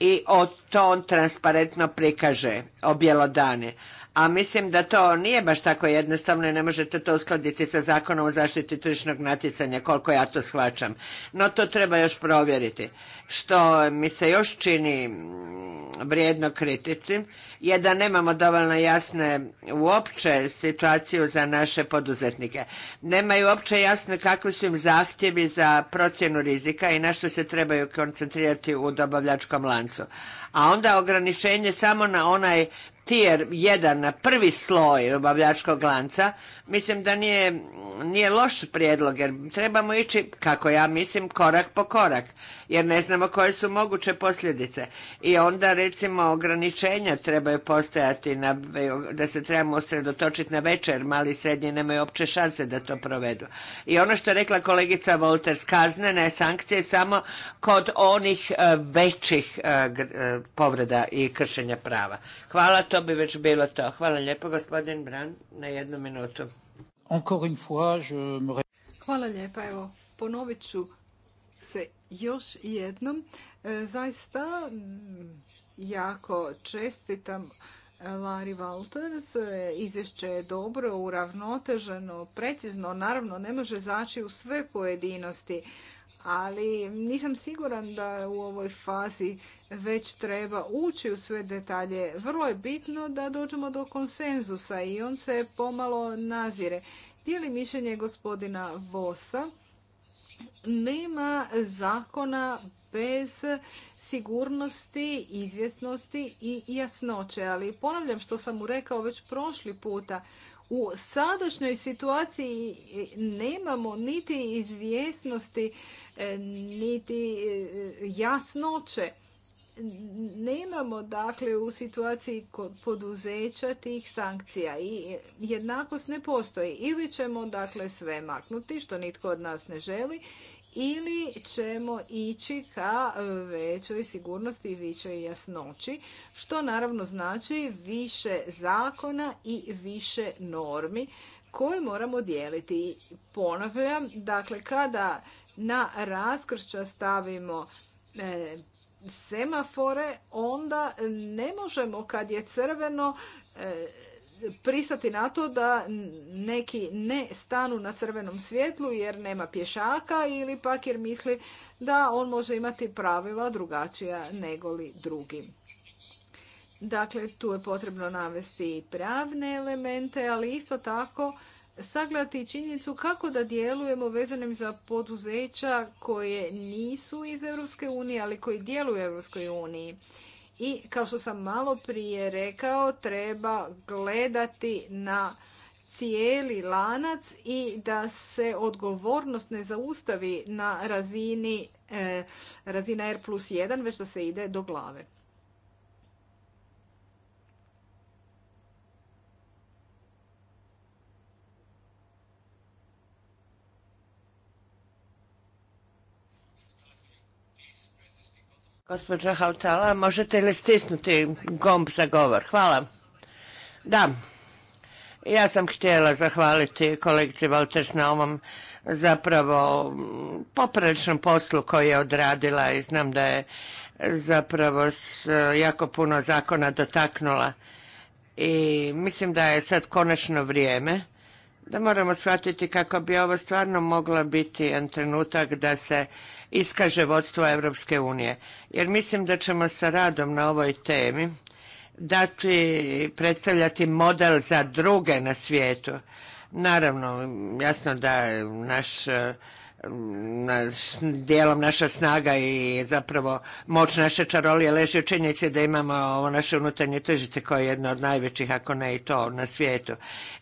i o to on transparentno prikaže objelodane a mislim da to nije baš tako jednostavno i ne možete to uskladiti sa zakonom o zaštiti tržišnog natjecanja, koliko ja to shvaćam. No to treba još provjeriti. Što mi se još čini mm, vrijedno kritici je da nemamo dovoljno jasne uopće situaciju za naše poduzetnike. Nemaju uopće jasne kakvi su im zahtjevi za procjenu rizika i na što se trebaju koncentrirati u dobavljačkom lancu. A onda ograničenje samo na onaj tier jedan na prvi sloj obavljačkog lanca, mislim da nije, nije loš prijedlog jer trebamo ići, kako ja mislim, korak po korak jer ne znamo koje su moguće posljedice. I onda recimo ograničenja trebaju postojati na, da se trebamo usredotočiti na večer, mali i srednji nemaju opće šanse da to provedu. I ono što je rekla kolegica Volters, kaznene sankcije samo kod onih e, većih e, e, povreda i kršenja prava. Hvala, to bi već bilo to. Hvala lijepo gospodin Bran na jednu minutu. Hvala lijepa, evo ponovit ću se još jednom. E, zaista jako čestitam e, Lari Walters. E, izvješće je dobro, uravnoteženo, precizno. Naravno, ne može zaći u sve pojedinosti, ali nisam siguran da u ovoj fazi već treba ući u sve detalje. Vrlo je bitno da dođemo do konsenzusa i on se pomalo nazire. Dijeli mišljenje gospodina Vosa nema zakona bez sigurnosti, izvjesnosti i jasnoće. Ali ponavljam što sam mu rekao već prošli puta, u sadašnjoj situaciji nemamo niti izvjesnosti, e, niti e, jasnoće nemamo dakle u situaciji kod poduzeća tih sankcija i jednakost ne postoji. Ili ćemo dakle sve maknuti što nitko od nas ne želi ili ćemo ići ka većoj sigurnosti i većoj jasnoći, što naravno znači više zakona i više normi koje moramo dijeliti. Ponavljam, dakle kada na raskršća stavimo e, semafore, onda ne možemo kad je crveno e, pristati na to da neki ne stanu na crvenom svjetlu jer nema pješaka ili pak jer misli da on može imati pravila drugačija nego li drugi. Dakle, tu je potrebno navesti i pravne elemente, ali isto tako sagledati činjenicu kako da djelujemo vezanim za poduzeća koje nisu iz Europske unije, ali koji djeluju u Europskoj uniji. I kao što sam malo prije rekao, treba gledati na cijeli lanac i da se odgovornost ne zaustavi na razini eh, razina R plus 1, već da se ide do glave. Gospođa Hautala, možete li stisnuti gomb za govor? Hvala. Da, ja sam htjela zahvaliti kolegici Valters na ovom zapravo mm, popriličnom poslu koji je odradila i znam da je zapravo e, jako puno zakona dotaknula i mislim da je sad konačno vrijeme da moramo shvatiti kako bi ovo stvarno moglo biti jedan trenutak da se iskaže vodstvo Europske unije. Jer mislim da ćemo sa radom na ovoj temi dati, predstavljati model za druge na svijetu. Naravno, jasno da naš dijelom naša snaga i zapravo moć naše čarolije leži u činjenici da imamo ovo naše unutarnje tržište koje je jedno od najvećih, ako ne i to, na svijetu.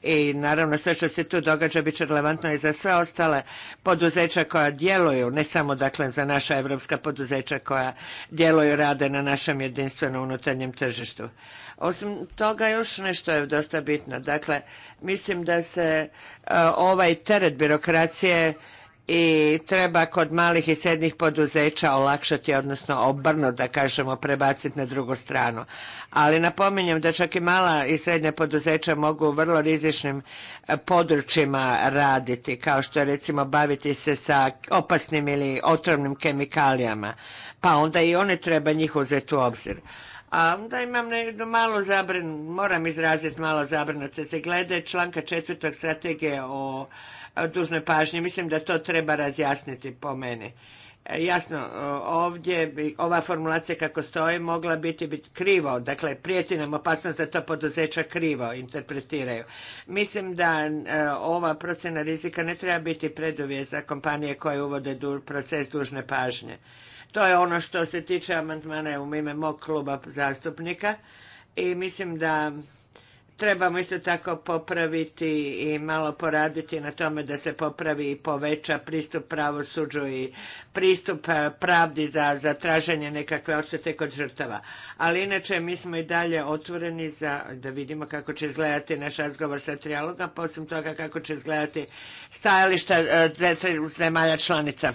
I naravno sve što se tu događa biće relevantno i za sve ostale poduzeća koja djeluju, ne samo dakle za naša evropska poduzeća koja djeluju rade na našem jedinstvenom unutarnjem tržištu. Osim toga još nešto je dosta bitno. Dakle, mislim da se e, ovaj teret birokracije i treba kod malih i srednjih poduzeća olakšati, odnosno obrno, da kažemo, prebaciti na drugu stranu. Ali napominjem da čak i mala i srednja poduzeća mogu u vrlo rizičnim e, područjima raditi, kao što je recimo baviti se sa opasnim ili otrovnim kemikalijama. Pa onda i one treba njih uzeti u obzir. A onda imam jednu malu zabrinu, moram izraziti malo se Glede članka četvrtog strategije o dužne pažnje. Mislim da to treba razjasniti po meni. E, jasno, ovdje bi ova formulacija kako stoji mogla biti, biti krivo, dakle prijeti nam opasnost da to poduzeća krivo interpretiraju. Mislim da e, ova procjena rizika ne treba biti preduvjet za kompanije koje uvode du, proces dužne pažnje. To je ono što se tiče amandmana u ime mog kluba zastupnika i mislim da Trebamo isto tako popraviti i malo poraditi na tome da se popravi i poveća pristup pravosuđu i pristup eh, pravdi za, za traženje nekakve odštete kod žrtava. Ali inače mi smo i dalje otvoreni za, da vidimo kako će izgledati naš razgovor sa trijaloga, pa osim toga kako će izgledati stajališta eh, zemalja članica.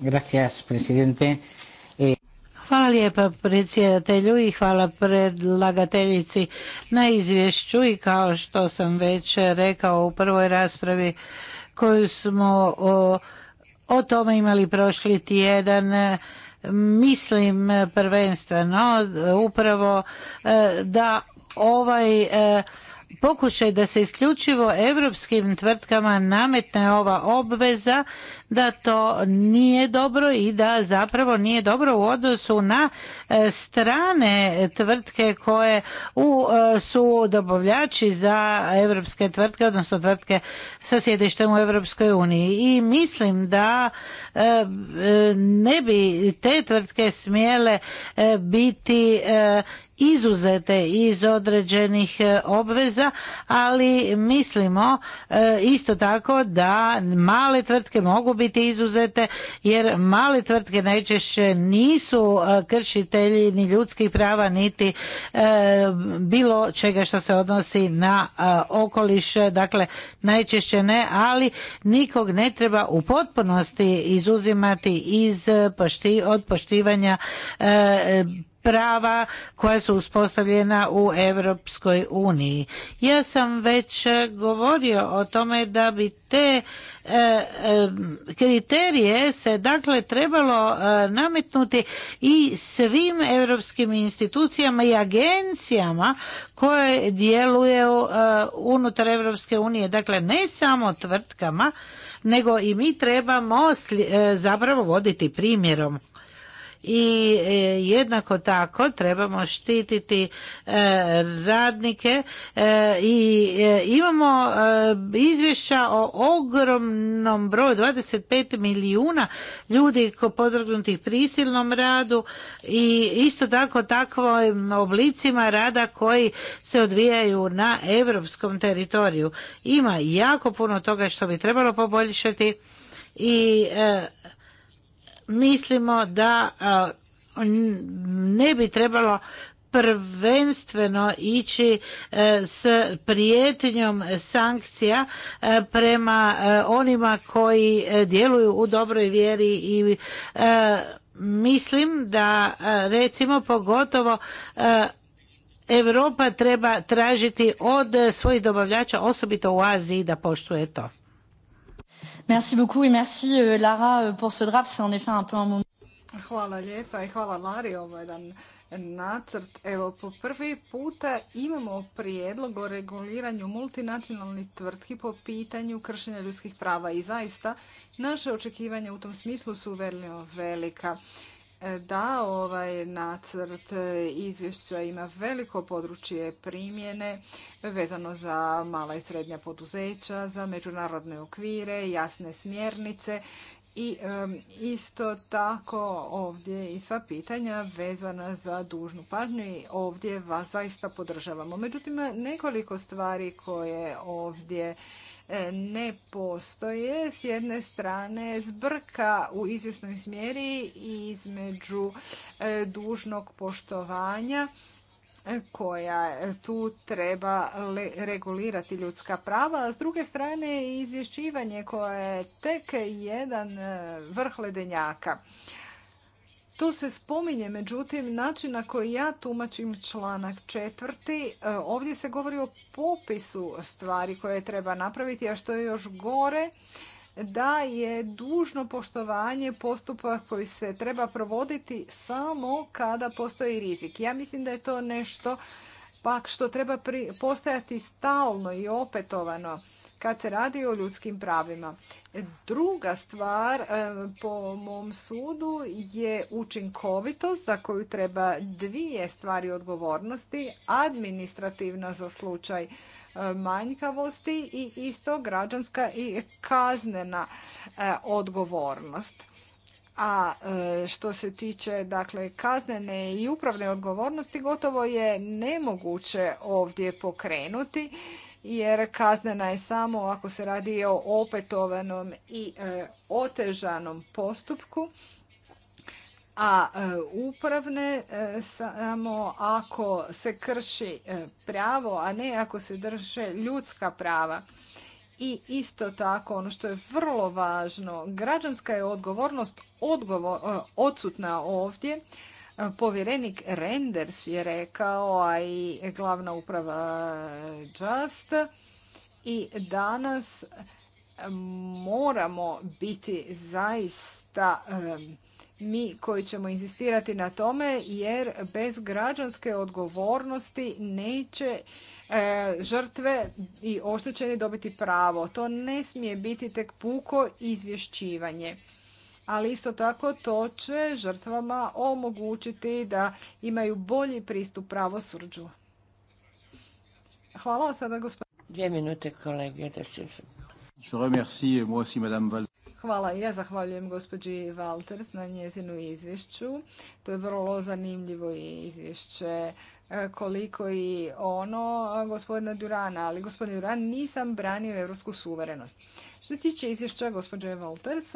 Gracias, presidente. Hvala lijepa predsjedatelju i hvala predlagateljici na izvješću i kao što sam već rekao u prvoj raspravi koju smo o, o tome imali prošli tjedan mislim prvenstveno upravo e, da ovaj e, pokušaj da se isključivo europskim tvrtkama nametne ova obveza da to nije dobro i da zapravo nije dobro u odnosu na e, strane tvrtke koje e, su dobavljači za europske tvrtke, odnosno tvrtke sa sjedištem u Europskoj uniji. I mislim da e, ne bi te tvrtke smjele biti izuzete iz određenih e, obveza, ali mislimo e, isto tako da male tvrtke mogu biti izuzete jer male tvrtke najčešće nisu e, kršitelji ni ljudskih prava niti bilo čega što se odnosi na okoliš, dakle najčešće ne, ali nikog ne treba u potpunosti izuzimati iz od poštivanja prava koja su uspostavljena u Europskoj uniji. Ja sam već e, govorio o tome da bi te e, e, kriterije se dakle trebalo nametnuti i svim europskim institucijama i agencijama koje djeluju unutar Europske unije. Dakle, ne samo tvrtkama, nego i mi trebamo zapravo voditi primjerom i e, jednako tako trebamo štititi e, radnike e, i imamo izvješća o ogromnom broju 25 milijuna ljudi podvrgnutih prisilnom radu i isto tako takvim oblicima rada koji se odvijaju na europskom teritoriju. Ima jako puno toga što bi trebalo poboljšati i mislimo da ne bi trebalo prvenstveno ići e, s prijetinjom sankcija e, prema e, onima koji djeluju u dobroj vjeri i mislim da recimo pogotovo Europa treba tražiti od svojih dobavljača osobito u Aziji da poštuje to. Merci beaucoup et merci euh, Lara euh, pour ce draft. C'est en un peu un Hvala lijepa i hvala Lari. Ovo je jedan nacrt. Evo, po prvi puta imamo prijedlog o reguliranju multinacionalnih tvrtki po pitanju kršenja ljudskih prava i zaista naše očekivanja u tom smislu su vrlo velika da ovaj nacrt izvješća ima veliko područje primjene vezano za mala i srednja poduzeća, za međunarodne okvire, jasne smjernice i isto tako ovdje i sva pitanja vezana za dužnu pažnju i ovdje vas zaista podržavamo. Međutim, nekoliko stvari koje ovdje E, ne postoje. S jedne strane zbrka u izvjesnoj smjeri između e, dužnog poštovanja e, koja tu treba regulirati ljudska prava, a s druge strane izvješćivanje koje je tek jedan vrh ledenjaka. Tu se spominje, međutim, način na koji ja tumačim članak četvrti, e, ovdje se govori o popisu stvari koje treba napraviti, a što je još gore, da je dužno poštovanje postupak koji se treba provoditi samo kada postoji rizik. Ja mislim da je to nešto pak što treba postajati stalno i opetovano kad se radi o ljudskim pravima. Druga stvar, e, po mom sudu, je učinkovitost za koju treba dvije stvari odgovornosti, administrativna za slučaj e, manjkavosti i isto građanska i kaznena e, odgovornost. A što se tiče dakle, kaznene i upravne odgovornosti, gotovo je nemoguće ovdje pokrenuti jer kaznena je samo ako se radi o opetovanom i e, otežanom postupku, a e, upravne e, samo ako se krši pravo, a ne ako se drže ljudska prava. I isto tako, ono što je vrlo važno, građanska je odgovornost odsutna ovdje, Povjerenik Renders je rekao, a i glavna uprava Just, i danas moramo biti zaista mi koji ćemo insistirati na tome jer bez građanske odgovornosti neće e, žrtve i oštećeni dobiti pravo. To ne smije biti tek puko izvješćivanje ali isto tako to će žrtvama omogućiti da imaju bolji pristup pravosuđu. Hvala sada gospodine. Dvije minute kolege, da se... Hvala i ja zahvaljujem gospođi Valters na njezinu izvješću. To je vrlo zanimljivo izvješće e, koliko i ono e, gospodina Durana, ali gospodin Duran nisam branio evropsku suverenost. Što se tiče izvješća gospođe Valters,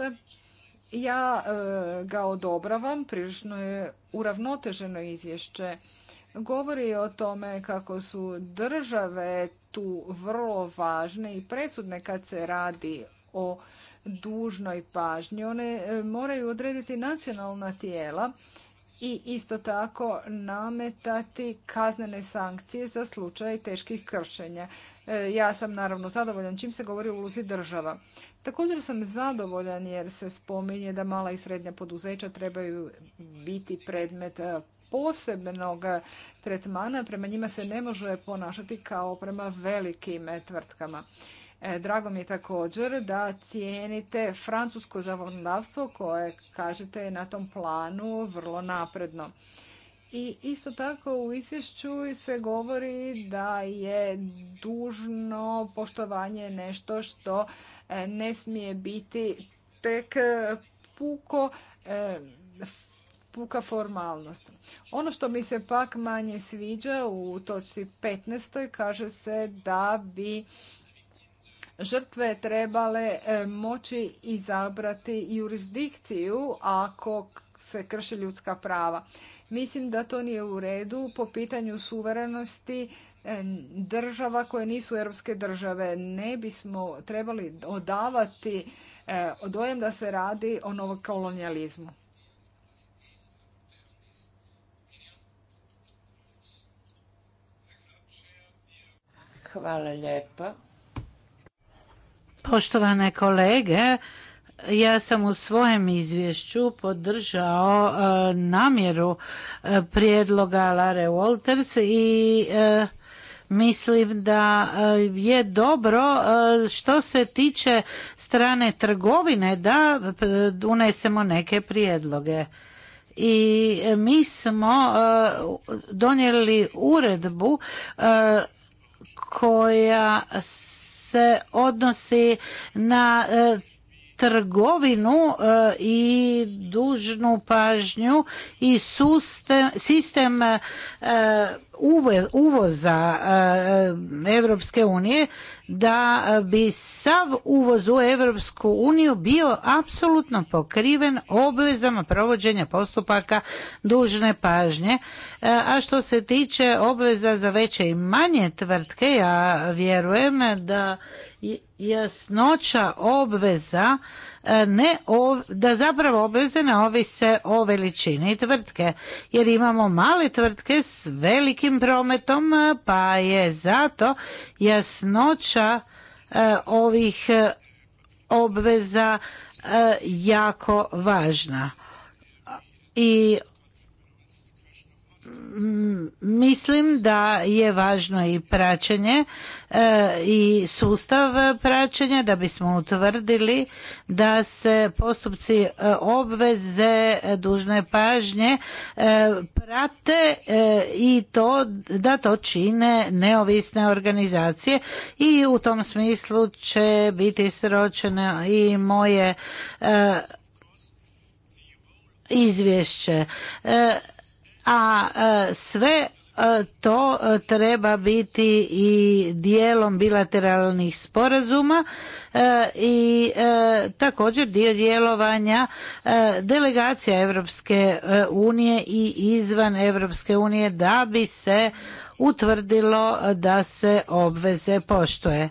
ja e, ga odobravam, prilično je uravnoteženo izvješće. Govori o tome kako su države tu vrlo važne i presudne kad se radi o dužnoj pažnji. One e, moraju odrediti nacionalna tijela i isto tako nametati kaznene sankcije za slučaj teških kršenja. E, ja sam naravno zadovoljan čim se govori o ulozi država. Također sam zadovoljan jer se spominje da mala i srednja poduzeća trebaju biti predmet e, posebnog e, tretmana. Prema njima se ne može ponašati kao prema velikim tvrtkama. E, drago mi je također da cijenite francusko zakonodavstvo koje, kažete, je na tom planu vrlo napredno. I isto tako u izvješću se govori da je dužno poštovanje nešto što e, ne smije biti tek puko e, puka formalnost. Ono što mi se pak manje sviđa u točci 15. kaže se da bi žrtve trebale e, moći izabrati jurisdikciju ako se krši ljudska prava. Mislim da to nije u redu po pitanju suverenosti e, država koje nisu europske države. Ne bismo trebali odavati e, dojem da se radi o kolonijalizmu. Hvala lijepa. Poštovane kolege, ja sam u svojem izvješću podržao e, namjeru e, prijedloga Lare Walters i e, mislim da je dobro što se tiče strane trgovine da unesemo neke prijedloge i mi smo donijeli uredbu koja se odnosi na e, trgovinu e, i dužnu pažnju i sistem e, uvoza Europske e, unije da bi sav uvoz u Evropsku uniju bio apsolutno pokriven obvezama provođenja postupaka dužne pažnje. E, a što se tiče obveza za veće i manje tvrtke, ja vjerujem da jasnoća obveza E, ne da zapravo obveze ne ovise o veličini tvrtke jer imamo male tvrtke s velikim prometom e, pa je zato jasnoća e, ovih obveza jako važna i Mm, mislim da je važno i praćenje e, i sustav praćenja da bismo utvrdili da se postupci e, obveze e, dužne pažnje prate i to da to čine neovisne organizacije i u tom smislu će biti sročene i moje izvješće a e, sve e, to e, treba biti i dijelom bilateralnih sporazuma i također dio djelovanja delegacija Europske unije i izvan Europske unije da bi se utvrdilo da se obveze poštuje.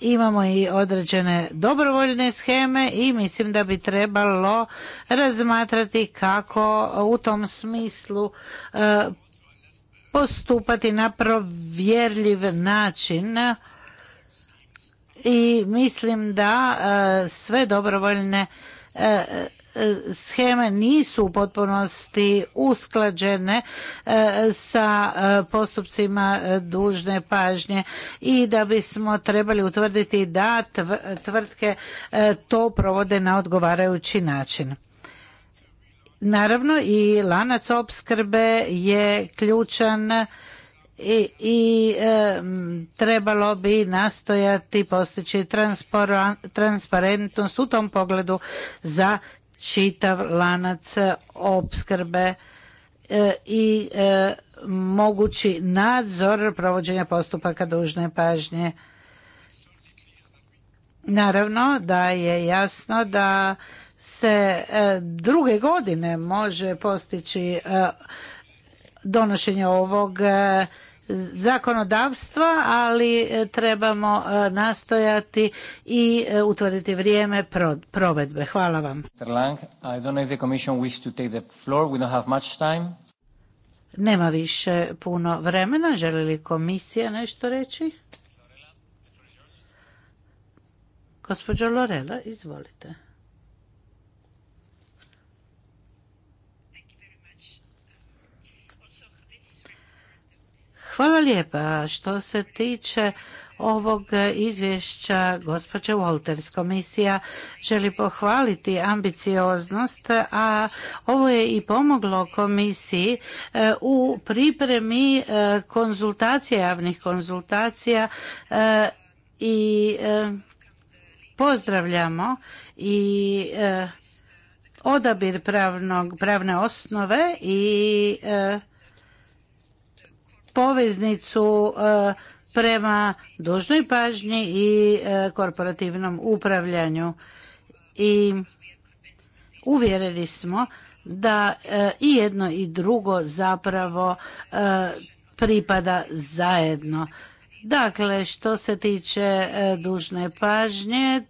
Imamo i određene dobrovoljne scheme i mislim da bi trebalo razmatrati kako u tom smislu e, postupati na provjerljiv način i mislim da e, sve dobrovoljne e, sheme nisu u potpunosti usklađene e, sa e, postupcima e, dužne pažnje i da bismo trebali utvrditi da tvrtke to provode na odgovarajući način. Naravno i lanac opskrbe je ključan i, i trebalo bi nastojati postići transparentnost u tom pogledu za čitav lanac opskrbe e, i e, mogući nadzor provođenja postupaka dužne pažnje. Naravno da je jasno da se e, druge godine može postići donošenje ovog zakonodavstva, ali e, trebamo e, nastojati i e, utvrditi vrijeme provedbe. Hvala vam. Nema više puno vremena. Želi li komisija nešto reći? Gospođo Lorela, izvolite. Hvala lijepa. Što se tiče ovog izvješća gospođe Walters. Komisija želi pohvaliti ambicioznost, a ovo je i pomoglo komisiji e, u pripremi e, konzultacija, javnih konzultacija e, i pozdravljamo i odabir pravnog, pravne osnove i poveznicu e, prema dužnoj pažnji i e, korporativnom upravljanju. I uvjereni smo da e, i jedno i drugo zapravo pripada zajedno. Dakle, što se tiče dužne pažnje,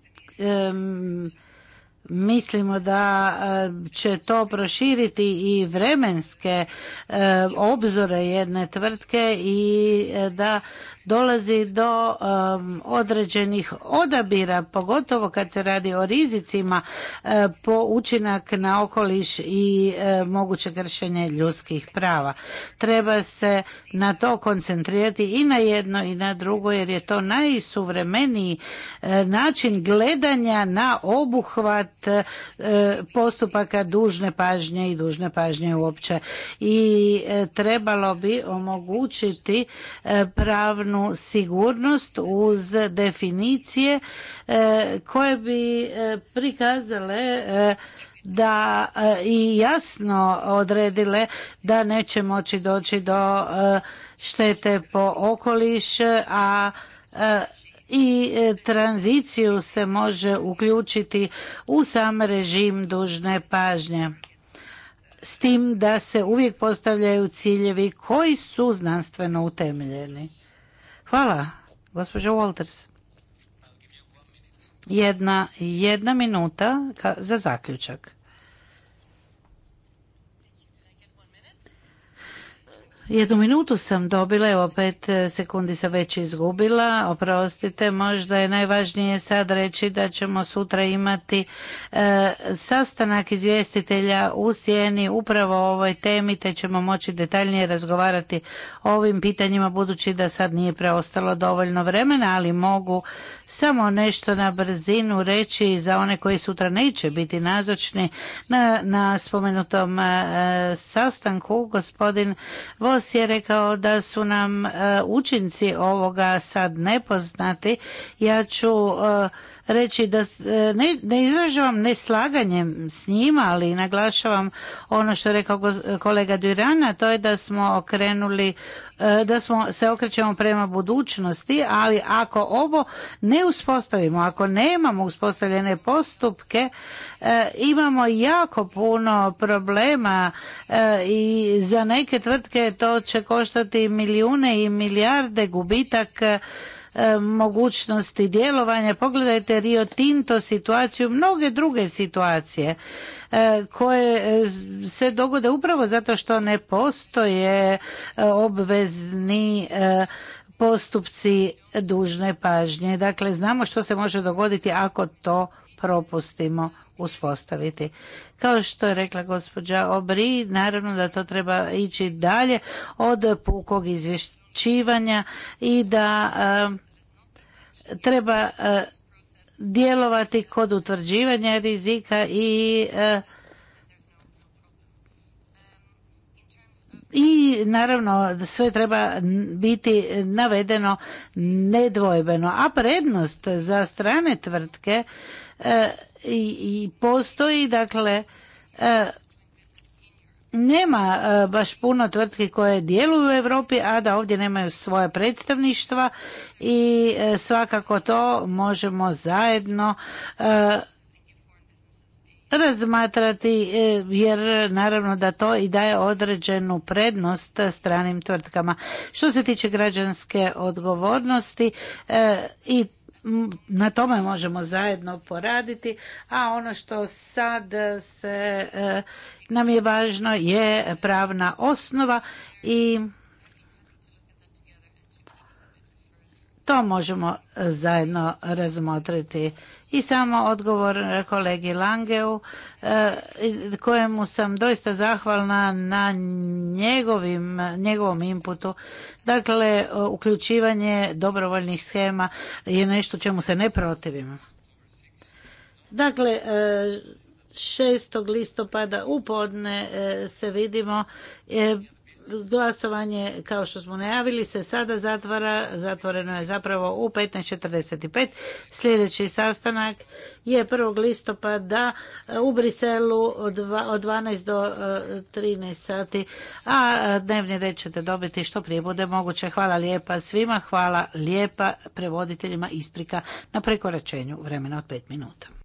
mislimo da e, će to proširiti i vremenske e, obzore jedne tvrtke i e, da dolazi do um, određenih odabira, pogotovo kad se radi o rizicima uh, po učinak na okoliš i uh, moguće kršenje ljudskih prava. Treba se na to koncentrirati i na jedno i na drugo jer je to najsuvremeniji uh, način gledanja na obuhvat postupaka dužne pažnje i dužne pažnje uopće. I trebalo bi omogućiti pravnu sigurnost uz definicije e, koje bi e, prikazale e, da i jasno odredile da neće moći doći do štete po okoliš, a i tranziciju se može uključiti u sam režim dužne pažnje s tim da se uvijek postavljaju ciljevi koji su znanstveno utemeljeni. Hvala, gospođo Walters. Jedna, jedna minuta za zaključak. Jednu minutu sam dobila, evo pet e, sekundi sam već izgubila, oprostite, možda je najvažnije sad reći da ćemo sutra imati e, sastanak izvjestitelja u sjeni upravo o ovoj temi, te ćemo moći detaljnije razgovarati o ovim pitanjima budući da sad nije preostalo dovoljno vremena, ali mogu samo nešto na brzinu reći za one koji sutra neće biti nazočni na, na spomenutom e, sastanku. Gospodin Kalos je rekao da su nam e, učinci ovoga sad nepoznati. Ja ću e, reći da e, ne, ne izražavam neslaganjem s njima, ali naglašavam ono što je rekao kolega Durana, to je da smo okrenuli e, da smo se okrećemo prema budućnosti, ali ako ovo ne uspostavimo, ako nemamo uspostavljene postupke, e, imamo jako puno problema i za neke tvrtke to će koštati milijune i milijarde gubitak E, mogućnosti djelovanja. Pogledajte Rio Tinto situaciju, mnoge druge situacije e, koje e, se dogode upravo zato što ne postoje obvezni postupci dužne pažnje. Dakle, znamo što se može dogoditi ako to propustimo uspostaviti. Kao što je rekla gospođa Obri, naravno da to treba ići dalje od pukog izvješćivanja i da treba e, djelovati kod utvrđivanja rizika i e, i naravno sve treba biti navedeno nedvojbeno a prednost za strane tvrtke e, i postoji dakle nema e, baš puno tvrtki koje djeluju u Europi, a da ovdje nemaju svoje predstavništva i e, svakako to možemo zajedno e, razmatrati jer naravno da to i daje određenu prednost stranim tvrtkama. Što se tiče građanske odgovornosti i na tome možemo zajedno poraditi, a ono što sad se nam je važno je pravna osnova i to možemo zajedno razmotriti. I samo odgovor kolegi Langeu, e, kojemu sam doista zahvalna na njegovim, njegovom inputu. Dakle, uključivanje dobrovoljnih schema je nešto čemu se ne protivim. Dakle, e, 6. listopada u podne e, se vidimo. E, glasovanje, kao što smo najavili, se sada zatvara. Zatvoreno je zapravo u 15.45. Sljedeći sastanak je 1. listopada u Briselu od 12 do 13 e, sati, a dnevni red ćete dobiti što prije bude moguće. Hvala lijepa svima, hvala lijepa prevoditeljima isprika na prekoračenju vremena od 5 minuta.